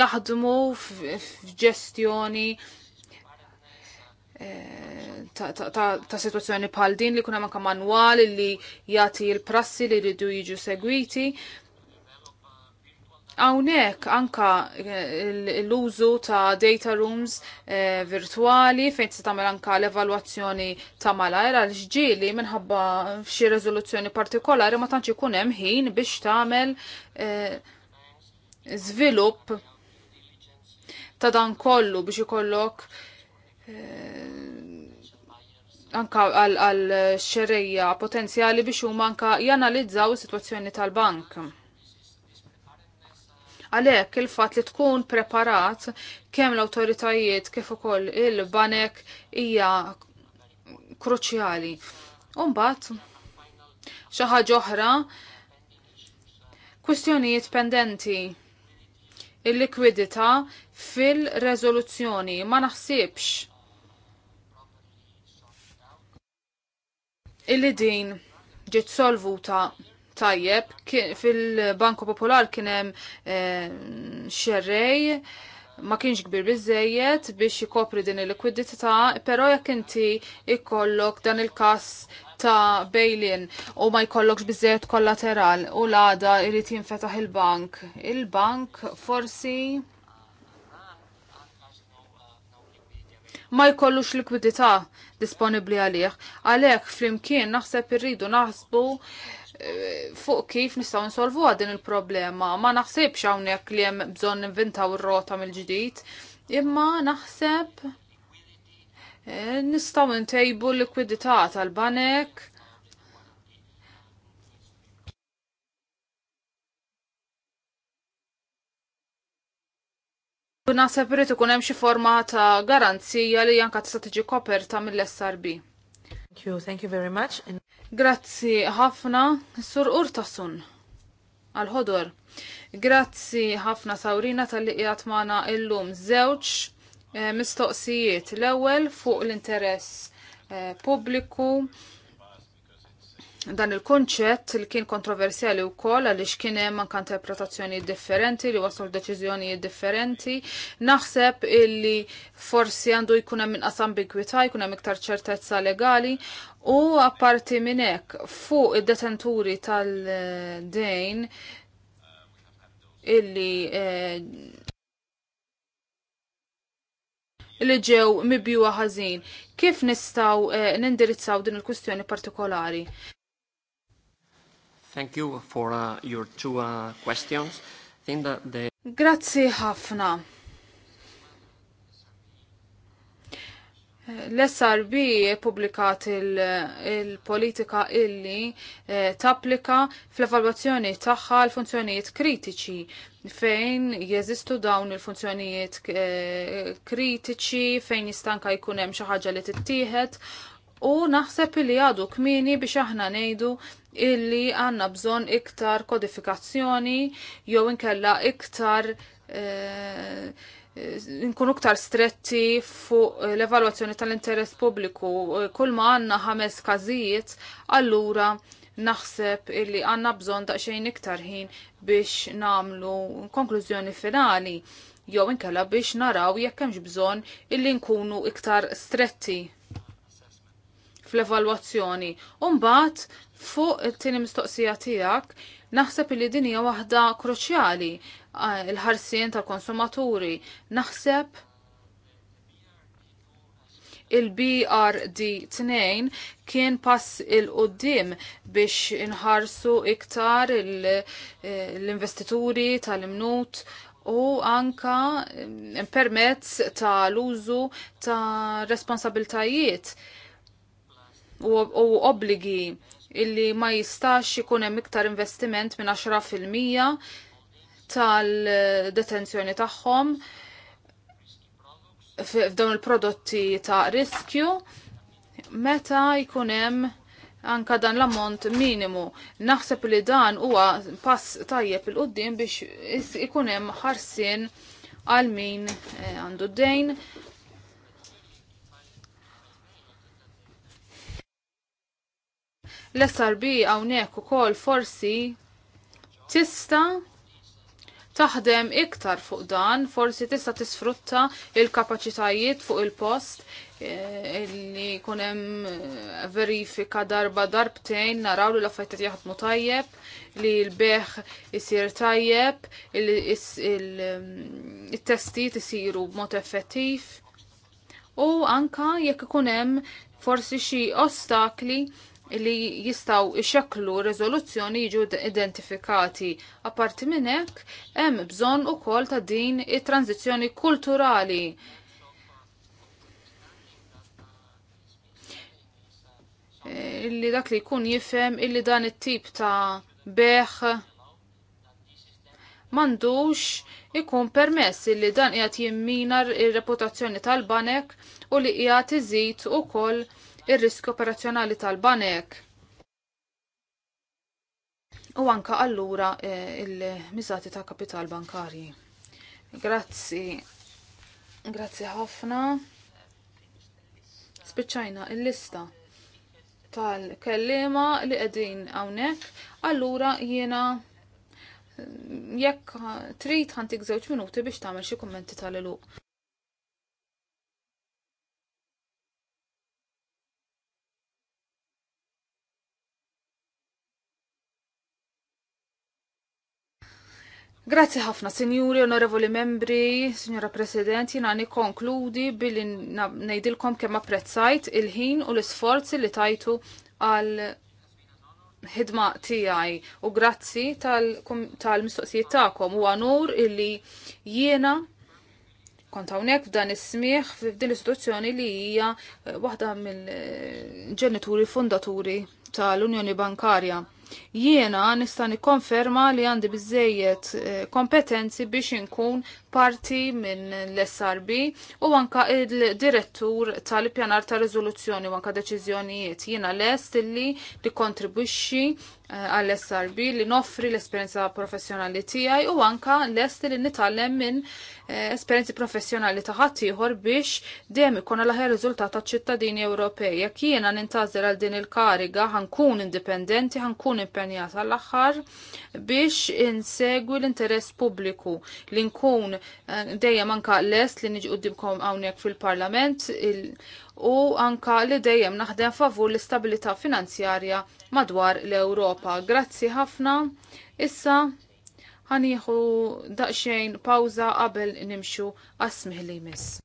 jaħdmu f'ġestjoni ta' situazzjoni bħal din li kuna manka manual li jati il-prassi li ridu jiġu segwiti. Awnek anka eh, l-użu ta' data rooms e, virtuali fejn se tagħmel anka l-evalwazzjoni ta' malajr l ġġieli minħabba f'xi riżoluzzjoni partikolari ma tantx ikun hemm ħin biex tagħmel eh, żvilupp ta' dan kollu biex ikollok anka għal xerejja potenzjali biex huma anka janalizzaw is-sitwazzjoni tal-bank. Għalhekk il-fatt li tkun preparat kemm l-awtoritajiet kif ukoll il-banek hija kruċjali. Umbagħad xi ħaġa oħra kwistjonijiet pendenti il-likwidità fil-reżoluzzjoni ma naħsibx illi din ġiet solvuta tajjeb fil-Banku Popolar kien hemm eh, xerrej ma kienx kbir bizzejiet biex jikopri din il-likwidità, però jekk inti jkollok dan il-każ ta' bejlin u ma jkollokx bizzejiet kollateral u l-għada jrid jinfetaħ il-bank. Il-bank forsi ma jkollux likwidità disponibbli għalih. Għalhekk flimkien naħseb irridu naħsbu eh, fuq kif nistgħu nsolvu din il-problema. Ma naħsebx hawnhekk li hemm bżonn inventaw ir-rota mill-ġdid, imma naħseb eh, nistgħu ntejbu l likwidità tal-banek Kun naħseb irid ikun hemm xi forma ta' garanzija li anke tista' tiġi koperta mill-SRB. Thank you, thank you very much. Grazzi ħafna, Sur Urtasun, għal-ħodor. Grazzi ħafna Sawrina tal-li qiegħed magħna illum żewġ eh, mistoqsijiet l-ewwel fuq l-interess eh, pubbliku dan il-konċett li kien kontroversjali wkoll għaliex kien hemm anke interpretazzjoni differenti li wasol deċiżjoni differenti. Naħseb illi forsi għandu jkun hemm inqas ambigwità, jkun hemm iktar ċertezza legali u apparti minn hekk fuq id-detenturi tal-dejn illi eh, li ġew mibjuwa ħażin. Kif nistgħu eh, nindirizzaw din il-kwistjoni partikolari? Thank you for uh, your two uh, questions. think that the... Grazzi ħafna. L-SRB publikat il-politika il illi eh, tapplika fl-evalwazzjoni tagħha l-funzjonijiet kritiċi fejn jeżistu dawn il-funzjonijiet eh, kritiċi fejn jistanka jkun hemm xi ħaġa li tittieħed u naħseb li għadu kmini biex aħna ngħidu illi għanna bżon iktar kodifikazzjoni jew inkella iktar eh, nkun nkunu iktar stretti fuq l-evalwazzjoni tal-interess pubbliku. Kull ma għanna ħames każijiet, allura naħseb illi għanna bżon daqsxejn iktar ħin biex namlu konklużjoni finali jew inkella biex naraw jekk hemmx bżonn illi nkunu iktar stretti fl-evalwazzjoni. Umbat, fuq it-tini mistoqsija tijak, naħseb li din hija waħda kruċjali il-ħarsien tal-konsumaturi. Naħseb il-BRD 2 kien pass il-qoddim biex inħarsu iktar eh, l-investituri tal-imnut u anka mm, permezz tal-użu ta' responsabiltajiet u obbligi illi ma jistax ikun hemm iktar investiment minn 10% tal-detenzjoni tagħhom f'dawn il-prodotti ta' riskju meta jkun hemm anka dan l-ammont minimu. Naħseb li dan huwa pass tajjeb il qudiem biex ikun hemm ħarsien għal min eh, għandu d-dejn, L-SRB hawnhekk ukoll forsi tista' taħdem iktar fuq dan, forsi tista' tisfrutta il-kapaċitajiet fuq il-post eh, li kunem eh, verifika darba darbtejn naraw li l-affajtet jaħdmu tajjeb, li l-beħ isir tajjeb, il-testijiet mm, isiru b'mod effettiv. U anka jekk ikun hemm forsi xi ostakli li jistaw ixeklu rezoluzzjoni jiġu identifikati. Apparti minn hekk hemm bżonn ukoll ta' din it-tranzizzjoni kulturali. Illi dak li jkun jifhem illi dan it-tip ta' beħ mandux ikun permess illi dan qiegħed jimminar ir reputazzjoni tal-banek u li qiegħed iżid ukoll ir-risk operazzjonali tal-banek. U anka allura eh, il-miżati ta' kapital bankari. Grazzi. Grazzi ħafna. Spiċċajna il-lista tal-kellima li qegħdin hawnhekk. Allura jiena eh, jekk trid ħantik żewġ minuti biex tagħmel xi kummenti tal-iluq. Grazzi ħafna, sinjuri, onorevoli membri, signora President, jina konkludi billi nejdilkom kemm apprezzajt il-ħin u l-isforzi li tajtu għal ħidma tiegħi u grazzi tal-mistoqsijiet tagħkom u għanur illi jiena kont hawnhekk f'dan is-smieħ f'din l-istituzzjoni li hija eh, waħda mill-ġenituri eh, fondaturi tal-Unjoni Bankarja. Jiena nista' nikkonferma li għandi biżejjed eh, kompetenzi biex inkun parti minn l-SRB u anka il-direttur tal-pjanar ta' rezoluzzjoni u anka deċiżjonijiet jiena l-est li kontribwixxi eh, għall-SRB li noffri l-esperienza professjonali tiegħi u anka lest li nitgħallem minn eh, esperienzi professjonali ta' ħaddieħor biex dejjem ikun l-aħjar riżultat ċittadini Ewropej. Jekk jiena nintażel għal din il-kariga ħankun indipendenti, ħankun impenjata l-aħħar biex insegwi l-interess pubbliku li nkun dejjem anka lest li niġi quddimkom hawnhekk fil-Parlament u anka li dejjem naħdem favur l-istabilità finanzjarja madwar l-Ewropa. Grazzi ħafna. Issa ħanieħu daqsxejn pawża qabel nimxu għasmiħ li jmiss.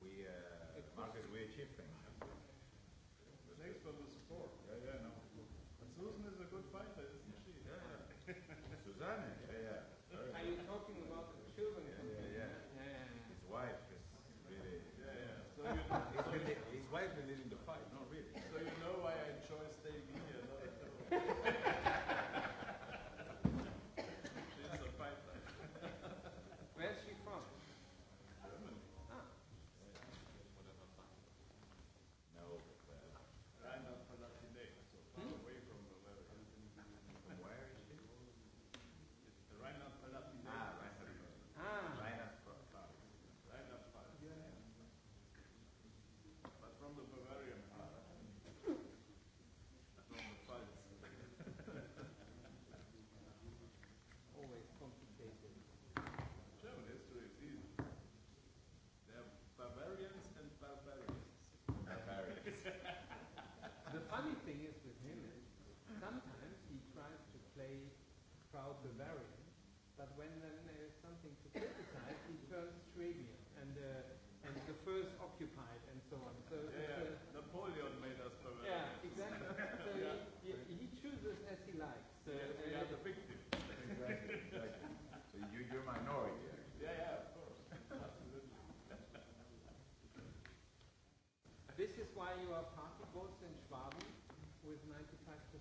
We, uh, market Marcus, we're shifting. Thanks for the support. Yeah, yeah, no. But Susan is a good fighter, isn't she? Yeah, yeah. Susanne. why your party votes in Schwaben with 95%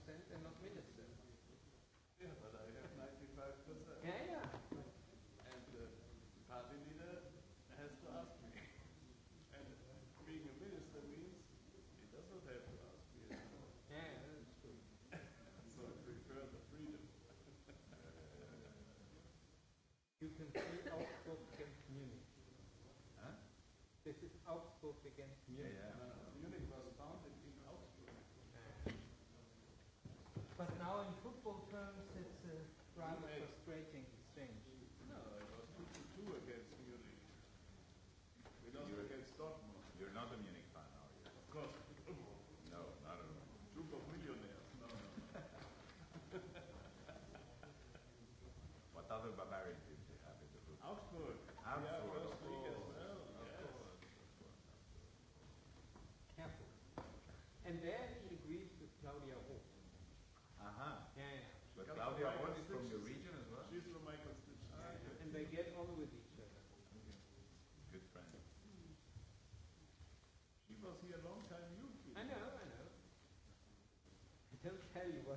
and not ministers. Yeah, but I have 95%. Yeah, yeah. And the party leader has to ask me. And being a minister means he doesn't have to ask me anymore. Yeah, that's true. *laughs* so I prefer the freedom. you can see Augsburg against Munich. Huh? This is Augsburg against Munich. Yeah, yeah. demonstrating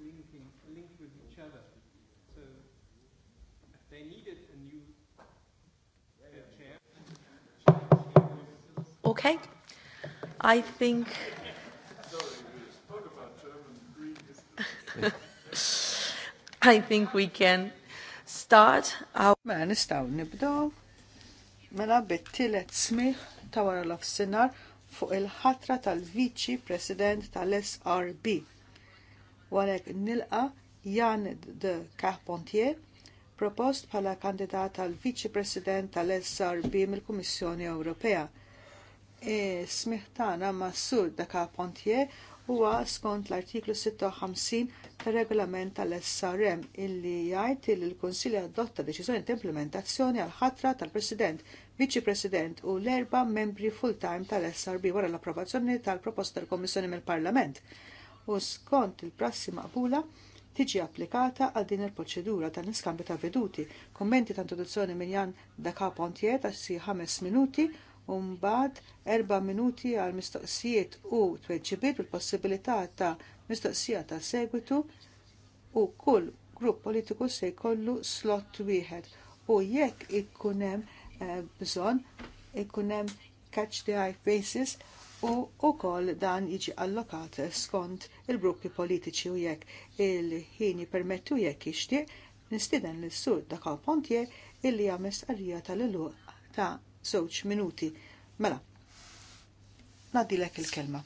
linking, linked with each other. So if they needed a new uh, chair. Okay. I think. *laughs* I think we can start our. Mela nistaw nibdow. Mela bittilet smih ta' wara l afsinar fuq il-ħatra tal-Viċi President tal-SRB għalek nilqa Jan de Carpentier propost bħala kandidat għal viċi president tal-SRB mill-Kummissjoni Ewropea. E, Smiħtana sur de Carpentier huwa skont l-artiklu 56 tar regolament tal-SRM illi jgħid li l-Kunsilli adotta deċiżjoni ta' implementazzjoni għal ħatra tal-President, Viċi President u l-erba' membri full-time tal-SRB wara l-approvazzjoni tal-proposta tal-Kommissjoni mill-Parlament u skont il-prassi maqbula tiġi applikata għal din il-proċedura ta' niskambi ta' veduti. Kommenti ta' introduzzjoni minn Jan da' Pontier ta' si 5 minuti u mbagħad 4 minuti għal mistoqsijiet u tweġibiet bil-possibilità ta' mistoqsija ta' segwitu u kull grupp politiku se jkollu slot wieħed u jekk ikun hemm eh, bżonn ikun hemm catch the eye faces u wkoll dan jiġi allokat skont il-gruppi politiċi u jekk il-ħini permettu jekk ixtieq nistiden lis sur da pontje illi għamel stqarrija tal-iluq ta' żewġ minuti. Mela, nadilek il-kelma.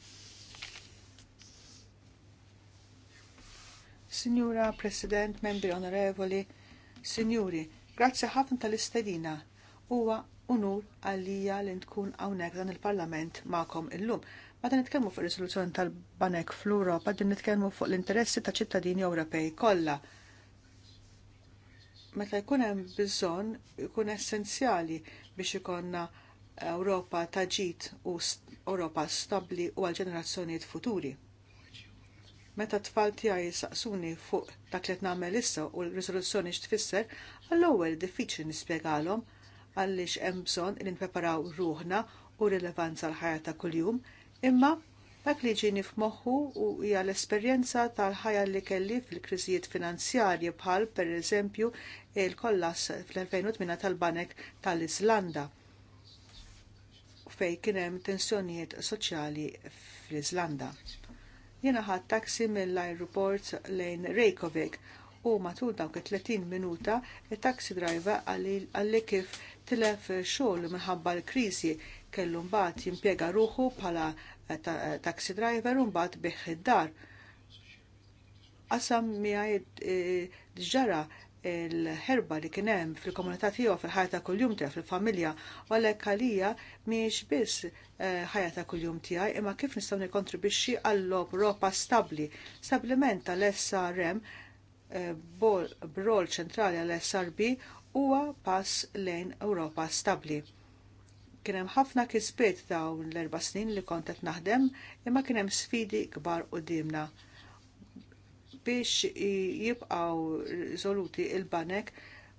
Signora President, membri onorevoli, Signori, grazzi ħafna tal-istedina. Huwa unur għalija li tkun hawnhekk dan il-Parlament magħkom illum. Meta nitkellmu fuq risoluzzjoni tal-Banek fl europa din nitkellmu fuq l-interessi ta' ċittadini Ewropej kollha. Meta jkun hemm bżonn ikun essenzjali biex ikonna Ewropa ta' ġid u Ewropa stabbli u għal ġenerazzjonijiet futuri. Meta t-tfal tiegħi saqsuni fuq dak li qed nagħmel issa u l-riżoluzzjoni x'tfisser, għall-ewwel diffiċli nispjegalhom għaliex hemm bżonn li ruħna u rilevanza l-ħajja ta' kuljum, imma dak li ġini f'moħħu u hija l-esperjenza tal-ħajja li kelli fil-kriżijiet finanzjarji bħal pereżempju il-kollass fl-2008 tal-Banek tal izlanda fej kien hemm tensjonijiet soċjali fl izlanda Jiena ħadd taksi mill-ajruport lejn Reykjavik u matul dawk it-30 minuta it-taxi driver għalli kif tilef xogħol minħabba l-kriżi kellu mbagħad jimpjega ruħu bħala eh, eh, taxi driver u mbagħad beħħ id-dar. Qasam miegħi eh, ġara l-ħerba li kien hemm fil-komunità tiegħu fil-ħajja ta' kuljum tiegħu fil-familja u għalhekk għalija mhijiex biss ħajja ta' kuljum tiegħi imma kif nistgħu nikkontribwixxi għall-Ewropa stabbli. Stabliment tal-SRM b'rol ċentrali għall srb huwa pass lejn Ewropa stabbli. Kien hemm ħafna kisbiet dawn l-erba' snin li kont qed naħdem imma kien hemm sfidi kbar qudiemna biex jibqgħu riżoluti il-banek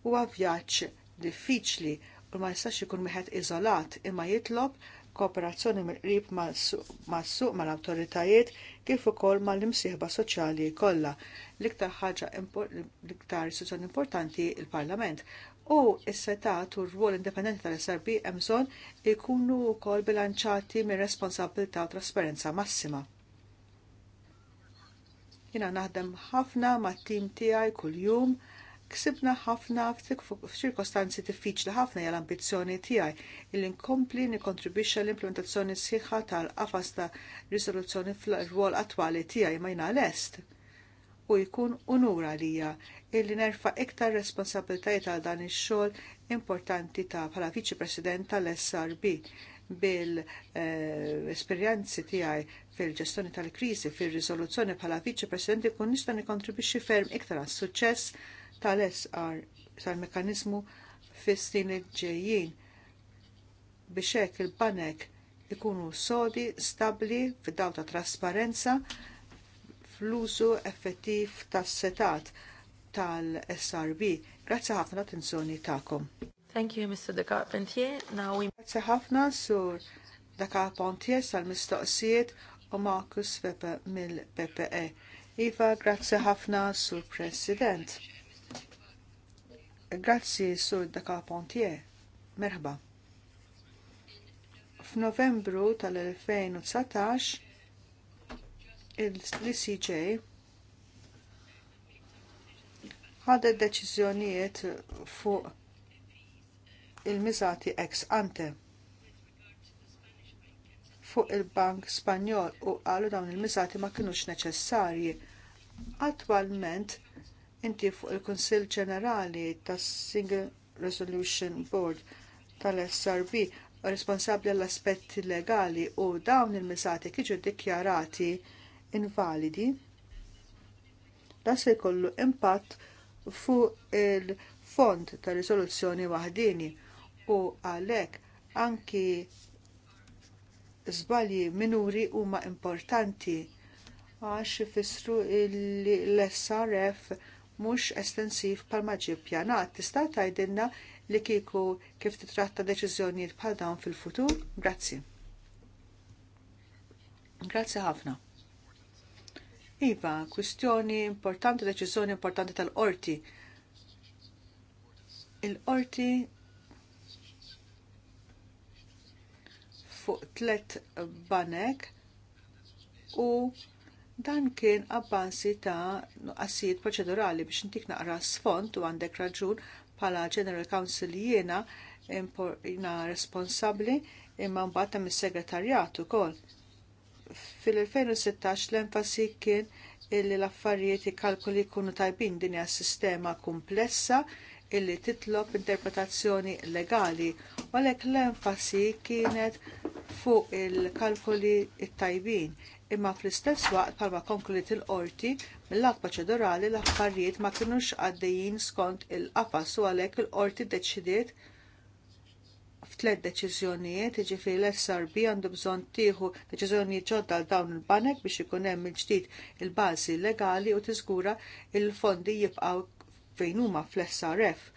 huwa vjaġġ diffiċli u ma jistax ikun wieħed iżolat imma jitlob kooperazzjoni mill-qrib mas-suq mal-awtoritajiet kif ukoll mal-imsieħba soċjali kollha. L-iktar ħaġa l-iktar istituzzjoni importanti il-Parlament u s-setat u r-rwol indipendenti tal-SRB hemm bżonn ikunu wkoll bilanċati minn responsabilità u trasparenza massima jina naħdem ħafna mat tim tijaj kuljum. jum ksibna ħafna f'ċirkostanzi diffiċli ħafna hija l-ambizzjoni tiegħi illi nkompli nikkontribwixxa l-implementazzjoni sħiħa tal-qafas ta' risoluzzjoni fl-rwol attwali tiegħi ma jingħal lest u jkun unura lija illi nerfa iktar responsabiltajiet għal dan ix-xogħol importanti ta' bħala viċi president tal-SRB bil-esperjenzi eh, tiegħi fil-ġestjoni tal-kriżi fir-riżoluzzjoni bħala viċi president ikun nista' nikkontribwixxi ferm iktar għas-suċċess tal-SR tal-mekanizmu fis-snin li ġejjin biex hekk il-banek ikunu sodi, stabbli fid ta' trasparenza fl-użu effettiv tas-setat tal-SRB. Grazzi ħafna attenzjoni takom. Thank you, Mr. De Carpentier. Now we... Grazie ħafna, Sur De Carpentier, sal-mistoqsijiet u Marcus Weber mill-PPE. Iva, grazie ħafna, Sur President. Grazzi sur Daka Pontier. Merħba. F'Novembru tal-2019 il-CJ ħadet deċiżjonijiet fuq il-miżati ex ante fuq il-Bank Spanjol u qalu dawn il-miżati ma kinux neċessarji. Attualment, Inti fuq il-Kunsill Ġenerali tas Single Resolution Board tal-SRB responsabbli għall aspetti legali u dawn il-misati kiġu dikjarati invalidi, Da se jkollu impatt fuq il-fond ta' risoluzzjoni waħdini u għalhekk anki żbalji minuri huma importanti għax fissru l-SRF mhux estensiv pal ġie ppjanat. Tista' tgħidilna li kieku kif titratta deċiżjonijiet bħal dawn fil-futur? Grazzi. Grazzi ħafna. Iva, kwistjoni importanti, deċiżjoni importanti tal-qorti. Il-qorti fuq tlet banek u Dan kien abbansi ta' nuqqasijiet proċedurali biex intik naqra sfond u għandek raġun bħala General Counsel jiena jina responsabbli imma mbagħad mis is-segretarjat ukoll. Fil-2016 l-enfasi kien illi l-affarijiet ikkalkuli jkunu tajbin din hija sistema komplessa illi titlob interpretazzjoni legali u għalhekk l-enfasi kienet fuq il-kalkoli it-tajbin imma fl-istess waqt palma konkludiet il-qorti mill-lat proċedurali l-affarijiet ma kinux għaddejjin skont il-qafas u għalhekk il-qorti ddeċidiet f'tliet deċiżjonijiet, jiġifieri l-SRB għandu bżonn tieħu deċiżjonijiet ġodda għal dawn il-banek biex ikun hemm il-ġdid il-bażi legali u tiżgura il-fondi jibqgħu fejn huma fl-SRF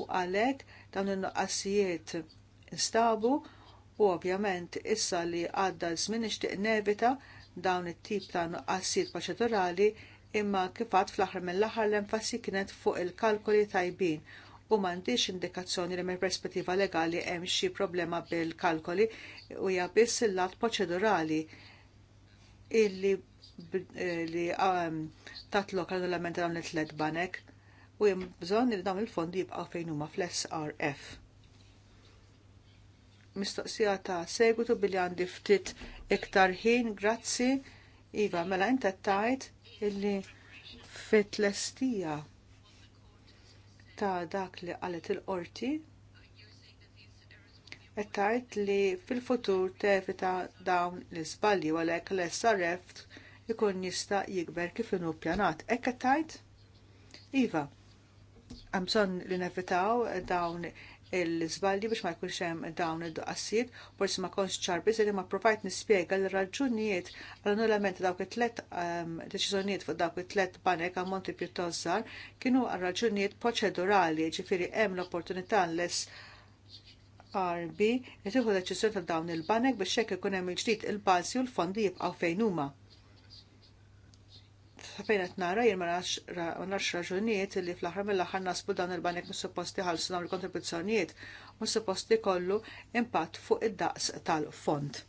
u għalhekk dawn in-nuqqasijiet instabu u ovvjament issa li għadda żmien nixtieq nevita dawn it-tip ta' nuqqasijiet proċedurali imma kifat fl-aħħar mill-aħħar l-enfasi kienet fuq il-kalkoli tajbin u m'għandix indikazzjoni li mill perspettiva legali hemm xi problema bil-kalkoli u hija biss il-lat proċedurali illi li ehm, tatlok għal dawn it-tlet banek u jem bżon li dawn il-fondi jibqaw fejn huma fl-SRF mistoqsija ta' segwitu billi għandi ftit iktar ħin, grazzi. Iva, mela inta tajt illi fit lestija ta' dak li qalet il-qorti qed tgħid li fil-futur tevita dawn l-iżbalji għalhekk l-SRF ikun jista' jikber kif inhu ppjanat. Hekk qed tgħid? Iva, hemm bżonn li nevitaw dawn l-iżbalji biex ma jkunx hemm dawn id-duqqassijiet, forsi ma konx ċarbi li ma provajt nispjega l-raġunijiet għall-annullament dawk it-tlet ehm, deċiżjonijiet fuq dawk it-tlet banek ammonti pjuttost żgħar kienu raġunijiet proċedurali, ġifieri hemm l-opportunità les RB li tieħu deċiżjoni ta' dawn il-banek biex hekk ikun hemm il-ġdid il-bażi u l-fondi jibqgħu fejn huma fejnet nara jien ma nafx raġunijiet li fl-aħħar mill axar nasbu dan il-banek mis supposti ħalsu dawn il-kontribuzzjonijiet mis supposti kollu impatt fuq id-daqs tal-fond.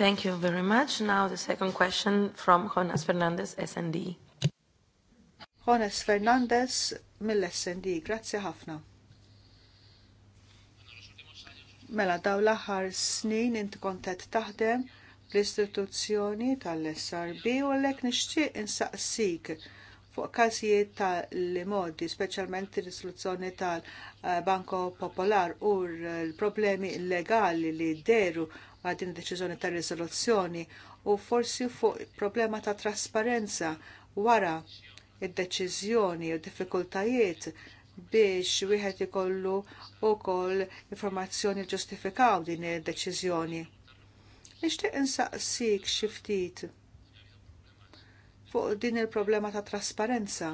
Thank you very much. Now the second question from Jonas Fernandez, SND. Jonas Fernandez mill-SND. Grazzi ħafna. Mela daw l-aħħar snin inti kontet taħdem l-istituzzjoni tal-SRB u għalhekk nixtieq insaqsik fuq każijiet tal-modi, speċjalment ir-risoluzzjoni tal-Banko Popolar u l-problemi legali li deru ma' din deċiżjoni tal-risoluzzjoni u forsi fuq problema ta' trasparenza wara id-deċiżjoni u diffikultajiet biex wieħed ikollu wkoll informazzjoni ġustifikaw din id-deċiżjoni Nixtieq insaqsik xi ftit fuq din il-problema ta' trasparenza.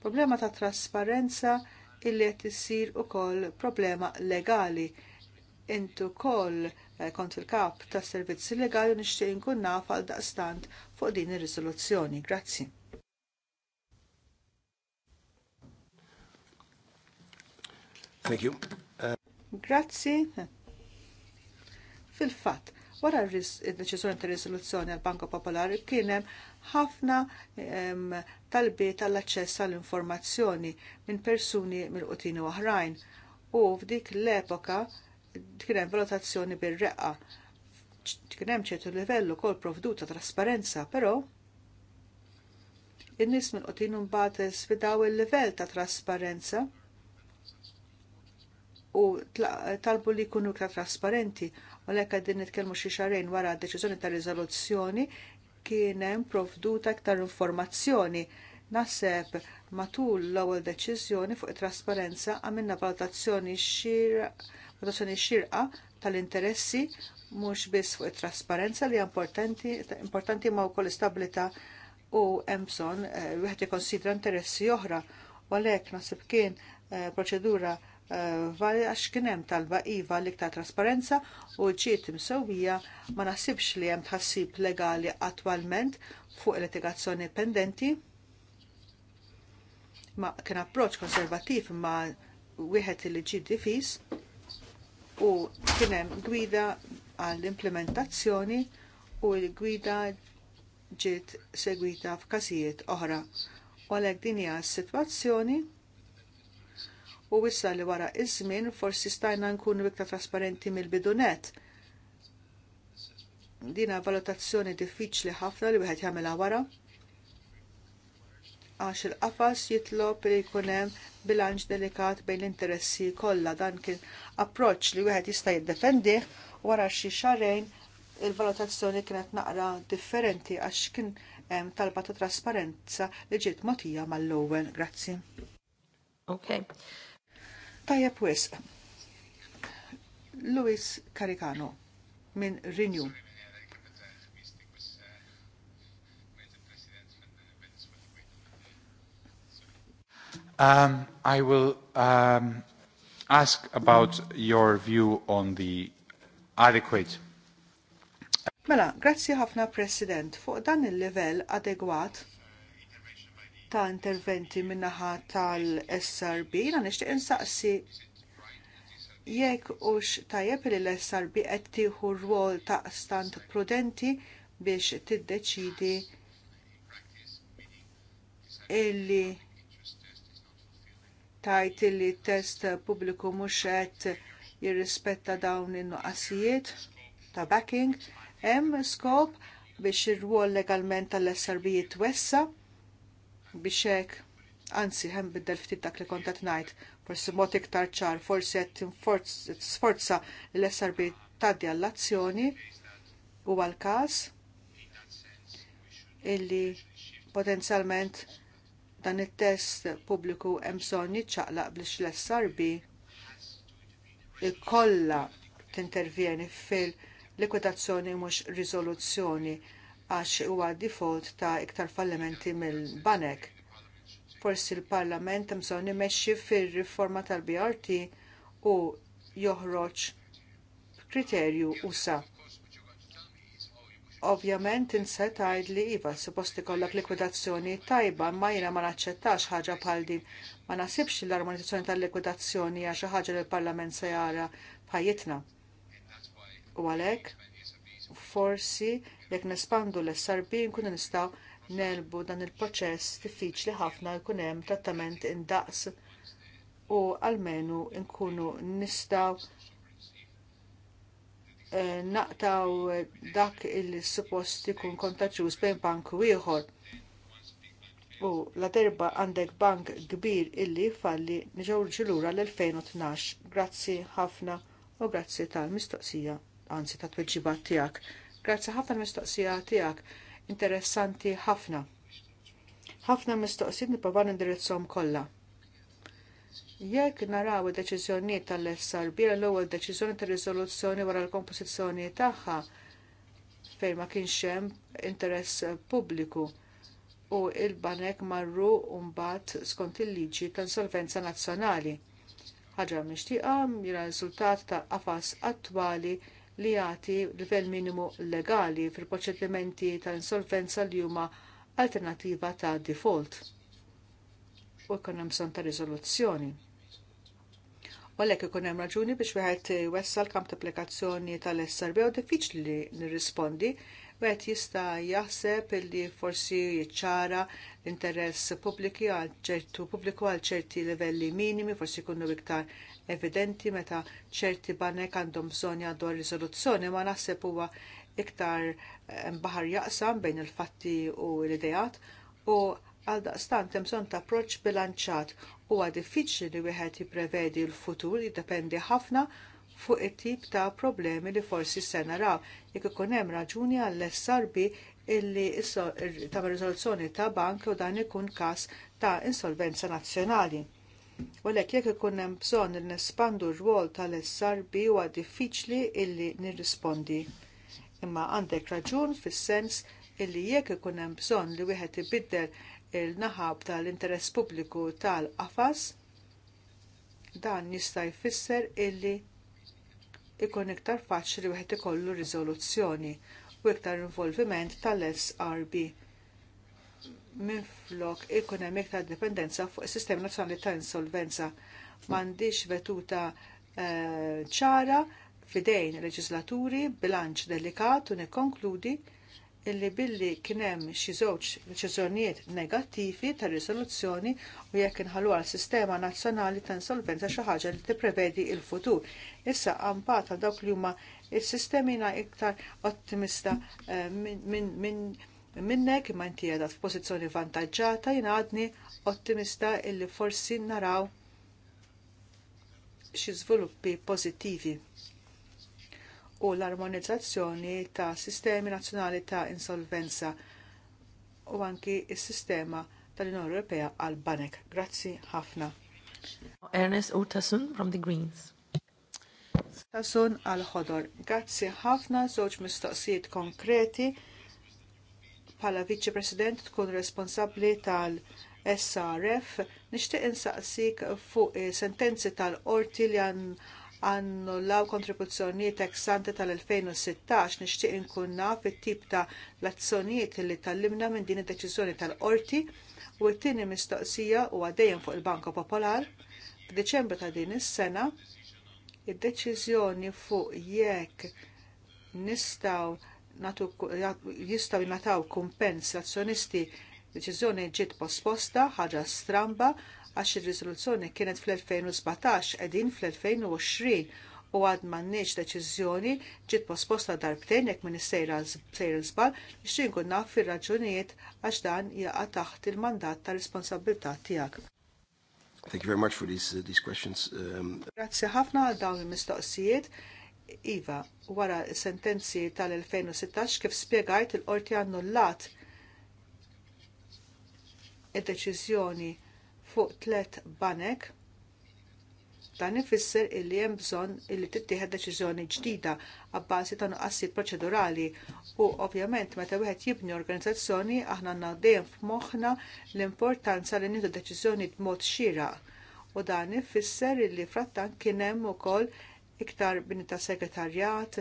Problema ta' trasparenza illi qed issir ukoll problema legali. Intu koll eh, kont il-kap tas servizzi legali nixtieq inkun naf għal daqstant fuq din ir-riżoluzzjoni. Grazzi. Thank you. Uh... Grazzi. Fil-fatt, Wara id deċiżjoni ta' risoluzzjoni għal banka Popolari kien hemm ħafna talbiet tal aċċess għall informazzjoni minn persuni mill-qutini oħrajn. U f'dik l-epoka kien hemm valutazzjoni bir-reqqa. Kien hemm ċertu livellu ukoll provdu ta' trasparenza, però in-nies minn qutini mbagħad sfidaw il-livell ta' trasparenza u talbu li jkunu ta trasparenti Għalhekk qegħdin nitkellmu xi xarejn wara d-deċiżjoni ta' riżoluzzjoni kien hemm provduta aktar informazzjoni Naħseb matul l-ewwel deċiżjoni fuq it-trasparenza għamilna valutazzjoni xirqa tal-interessi mhux biss fuq it-trasparenza li importanti, importanti ma wkoll istabilità u hemm eh, wieħed ikkonsidra interessi oħra. U għalhekk naħseb kien eh, proċedura Eh, għax kien hemm talba iva li ta' trasparenza u ġiet msewija ma naħsibx li hemm tħassib legali attwalment fuq il-litigazzjoni pendenti ma kien approċ konservattiv ma wieħed li ġie difis u kien hemm gwida għall-implementazzjoni u l-gwida ġiet segwita f'każijiet oħra. U għalhekk din hija s-sitwazzjoni u wissa li wara iż-żmien forsi stajna nkunu iktar trasparenti mill-bidunet. Dina valutazzjoni diffiċli ħafna li wieħed jagħmilha wara għax il-qafas jitlob li jkun hemm bilanċ delikat bejn l-interessi kollha dan kien approċċ li wieħed jista' jiddefendih wara xi xarejn il-valutazzjoni kienet naqra differenti għax kien hemm talba ta' trasparenza li ġiet mogħtija mal-ewwel. Grazzi. Okay. Tajja wisq. Luis Caricano minn Renew. Um, I will um, ask about your view on the adequate. Mela, grazzi ħafna President. Fuq dan il-level adegwat ta' interventi min-naħa tal-SRB, na nixtieq insaqsi jekk hux tajjeb li l-SRB qed tieħu rwol ta' stand prudenti biex tiddeċidi illi tajt illi test pubbliku mhux qed jirrispetta dawn in-nuqqasijiet ta' backing, hemm skop biex ir-rwol legalment tal-SRB jitwessa' biex hekk anzi hemm biddel ftit dak li kont qed ngħid, forsi mod iktar ċar, forsi qed sforza l-SRB tgħaddi għall-azzjoni huwa l-każ illi potenzjalment dan it-test pubbliku hemm bżonn jiċċaqlaq biex l-SRB ikollha tintervjeni fil-likwidazzjoni mhux riżoluzzjoni għax huwa default ta' iktar fallimenti mill-banek. Forsi l-Parlament bżonn imexxi fir-riforma tal-BRT u joħroġ kriterju usa. Ovvjament inse tgħid li iva suppost ikollok likwidazzjoni tajba imma jiena ma naċċettax ħaġa bħal din. Ma nasibx li l-armonizzazzjoni tal-likwidazzjoni hija xi ħaġa li l-Parlament se jara f'ħajjitna. U għalhekk forsi jekk nespandu l-SRB nkunu nistgħu nelbu dan il-proċess diffiċli ħafna jkun hemm trattament indaqs u għalmenu nkunu nistgħu eh, naqtaw dak il-suppost ikun kontaċus bejn bank u ieħor. U la derba għandek bank kbir illi falli nġawġilura l-2012. Grazzi ħafna u grazzi tal-mistoqsija anzi ta' tweġibat tiegħek. Grazzi ħafna mistoqsija tiegħek. Interessanti ħafna. Ħafna mistoqsijiet nipprova indirizzom kollha. Jekk naraw id-deċiżjonijiet tal-SRB l-ewwel deċiżjoni ta' riżoluzzjoni wara l-kompożizzjoni tagħha fejn ma kienx hemm interess pubbliku u il-banek marru mbagħad skont il-liġi ta' insolvenza nazzjonali. Ħaġa mixtieqa mira riżultat ta' qafas attwali li jagħti livell minimu legali fil-proċedimenti ta' insolvenza li huma alternativa ta' default u jkun hemm bżonn ta' riżoluzzjoni. U għalhekk ikun hemm raġuni biex wieħed jwessal kamp ta' applikazzjoni tal-SRB u diffiċli li nirrispondi wieħed jista' jaħseb li forsi jiċċara l-interess pubbliki għal ċertu pubbliku għal ċerti livelli minimi, forsi jkunu iktar evidenti meta ċerti banek għandhom bżonn għandu risoluzzjoni ma naħseb huwa iktar mbaħar eh, jaqsam bejn il-fatti u l-idejat u għal daqstant hemm bżonn ta' approċċ bilanċat huwa diffiċli li wieħed jipprevedi l-futur jiddependi ħafna fuq it-tip ta' problemi li forsi se naraw jekk ikun hemm raġuni għall essarbi illi ta' riżoluzzjoni ta' bank u dan ikun każ ta' insolvenza nazzjonali. U l jekk ikun hemm bżonn li nespandu r-rwol tal-SRB huwa diffiċli illi nirrispondi. Imma għandek raġun fis-sens illi jekk ikun hemm bżonn li wieħed ibiddel il-naħab tal-interess pubbliku tal-qafas, dan jista' jfisser illi ikun iktar faċli wieħed ikollu riżoluzzjoni u iktar involviment tal-SRB minflok ikun hemm iktar dipendenza fuq is-Sistema Nazzjonali ta' Insolvenza. M'għandix vetuta eh, ċara fidejn leġislaturi bilanċ delikat u nikkonkludi illi billi kien hemm xi żewġ deċiżjonijiet negattivi ta' risoluzzjoni u jekk inħallu għal sistema nazzjonali ta' insolvenza xi ħaġa li tipprevedi l futur Issa għampat għal dawk li huma s sistemina iktar ottimista eh, minn min, min, minnek imma inti qiegħda f'pożizzjoni vantaġġata jingħadni għadni ottimista illi forsi naraw xi żviluppi pożittivi u l-armonizzazzjoni ta' sistemi nazzjonali ta' insolvenza u anki s-sistema tal-Unjoni Ewropea għal banek. Grazzi ħafna. Ernest Urtasun from the Greens. Tasun għal ħodor. Grazzi ħafna żewġ mistoqsijiet konkreti bħala Viċi President tkun responsabbli tal-SRF nixtieq insaqsik fuq sentenzi tal-qorti li għan annullaw kontribuzzjonijiet eksante tal-2016 nixtieq inkun naf it-tip ta' l-azzjonijiet li tallimna minn din id-deċiżjoni tal-qorti u t-tieni mistoqsija u għaddejjem fuq il-Banka Popolar f'Diċembru ta' din is-sena id-deċiżjoni fuq jekk nistgħu jistgħu jingħataw kumpens l-azzjonisti deċiżjoni ġiet posposta ħaġa stramba għax ir-riżoluzzjoni kienet fl-2017 qegħdin fl-2020 u għad m'għandniex deċiżjoni ġiet posposta darbtejn jekk minn sejra żball biex inkun naf fil raġunijiet għax dan jaqa' taħt il-mandat ta' responsabilità tiegħek. Thank you very much for these, uh, these questions. Um... Grazie ħafna għal dawn il-mistoqsijiet. Iva, wara sentenzi tal-2016 kif spiegajt il-qorti annullat id-deċiżjoni fuq tlet banek dan ifisser illi hemm bżonn illi tittieħed deċiżjoni ġdida abbażi ta' nuqqassijiet proċedurali u ovvjament meta wieħed jibni organizzazzjoni aħna għandna dejjem f'moħħna l-importanza li nieħdu deċiżjoni b'mod xieraq u dan ifisser illi frattan kien hemm ukoll iktar bini ta' segretarjat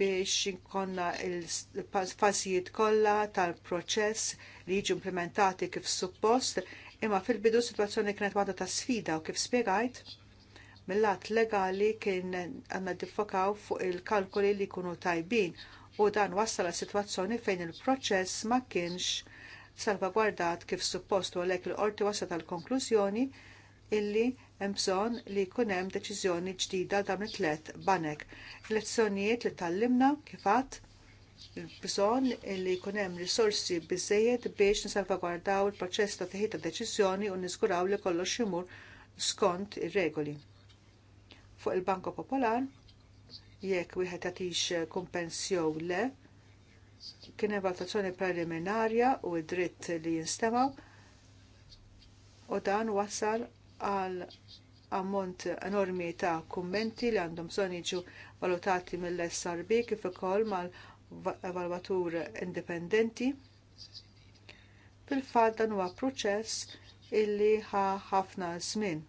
biex inkonna il-fazijiet kollha tal-proċess li jiġu implementati kif suppost, imma fil-bidu situazzjoni kienet waħda ta' sfida u kif spiegajt mill-lat legali kien għanna diffokaw fuq il-kalkoli li kunu tajbin u dan wassal situazzjoni fejn il-proċess ma kienx salvagwardat kif suppost u għalhekk il qorti wasa tal-konklużjoni illi hemm bżonn li jkun hemm deċiżjoni ġdida dan it-tlet banek. Lezzjonijiet li tallimna kif għadd bżonn li jkun hemm risorsi biżejjed biex nisalvagwardaw il-proċess ta' tieħid ta' deċiżjoni u niżguraw li kollox imur skont ir-regoli. Fuq il-Banko Popolar, jekk wieħed jagħtix kumpens jew le, kien hemm valutazzjoni preliminarja u d-dritt li jinstemaw u dan wassal għal ammont enormi ta' kummenti li għandhom bżonn jiġu valutati mill-SRB kif ukoll mal-evalwatur indipendenti. Fil-fatt dan huwa proċess illi ħa ħafna żmien.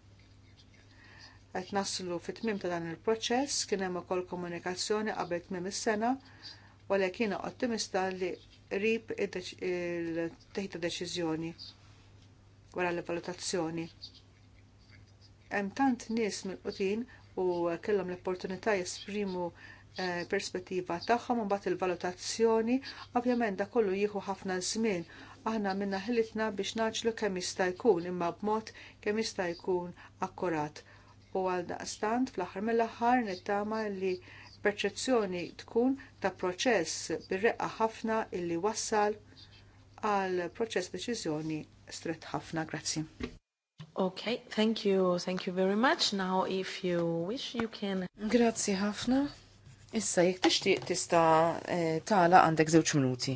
Qed naslu fit-tmiem ta' dan il-proċess kien hemm ukoll komunikazzjoni qabel tmiem is-sena, walakin ottimista li qrib il-teħita deċiżjoni wara l-valutazzjoni. Hemm tant nies mill-qutin u kellhom l-opportunità jesprimu eh, perspettiva tagħhom u mbagħad il-valutazzjoni, ovvjament da kollu jieħu ħafna żmien. Aħna minna ħilitna biex naġlu kemm jista' jkun imma b'mod kemm jista' jkun akkurat. U għal daqstant fl-aħħar mill-aħħar nittama li perċezzjoni tkun ta' proċess bir-reqqa ħafna illi wassal għal proċess deċiżjoni strett ħafna. Grazzi. Okay, thank you, thank you very much. Now, if you wish, you can... Grazzi ħafna. Issa, jek tixtieq tista eh, tala għandek żewġ minuti.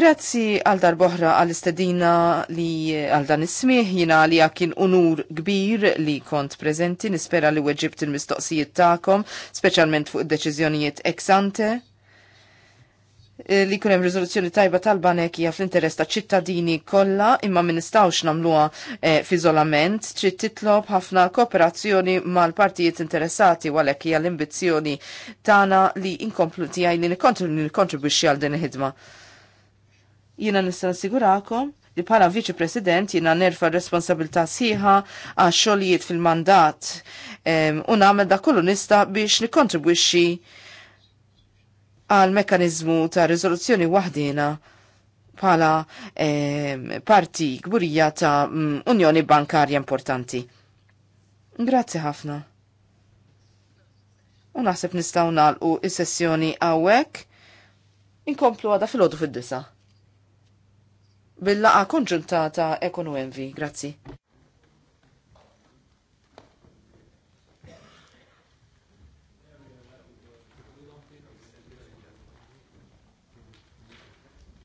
Grazzi għal darboħra għal istedina li eh, għal dan ismiħ jina li kien unur kbir li kont prezenti nispera li weġibt il-mistoqsijiet ta'kom, specialment fuq id-deċizjonijiet ex ante Eh, li kunem rizoluzzjoni tajba tal-banek hija fl-interess ta' ċittadini kollha imma min nistgħux nagħmluha eh, f'iżolament, trid titlob ħafna kooperazzjoni mal-partijiet interessati għalhekk hija l imbizzjoni tagħna li inkomplu tiegħi li nikkontribwixxi għal din il-ħidma. Jiena nista' nassigurakom li bħala viċi president jina nerfa responsabilità sħiħa għax xogħlijiet fil-mandat eh, u nagħmel da kollu nista biex nikkontribwixxi għal mekanizmu ta' rizoluzzjoni wahdina bħala eh, parti gburija ta' mm, Unjoni Bankarja importanti. Grazzi ħafna. U naħseb nistaw nalqu is-sessjoni għawek inkomplu għada fil-ħodu fil-disa. Billaqa konġuntata Ekonu Envi, grazzi.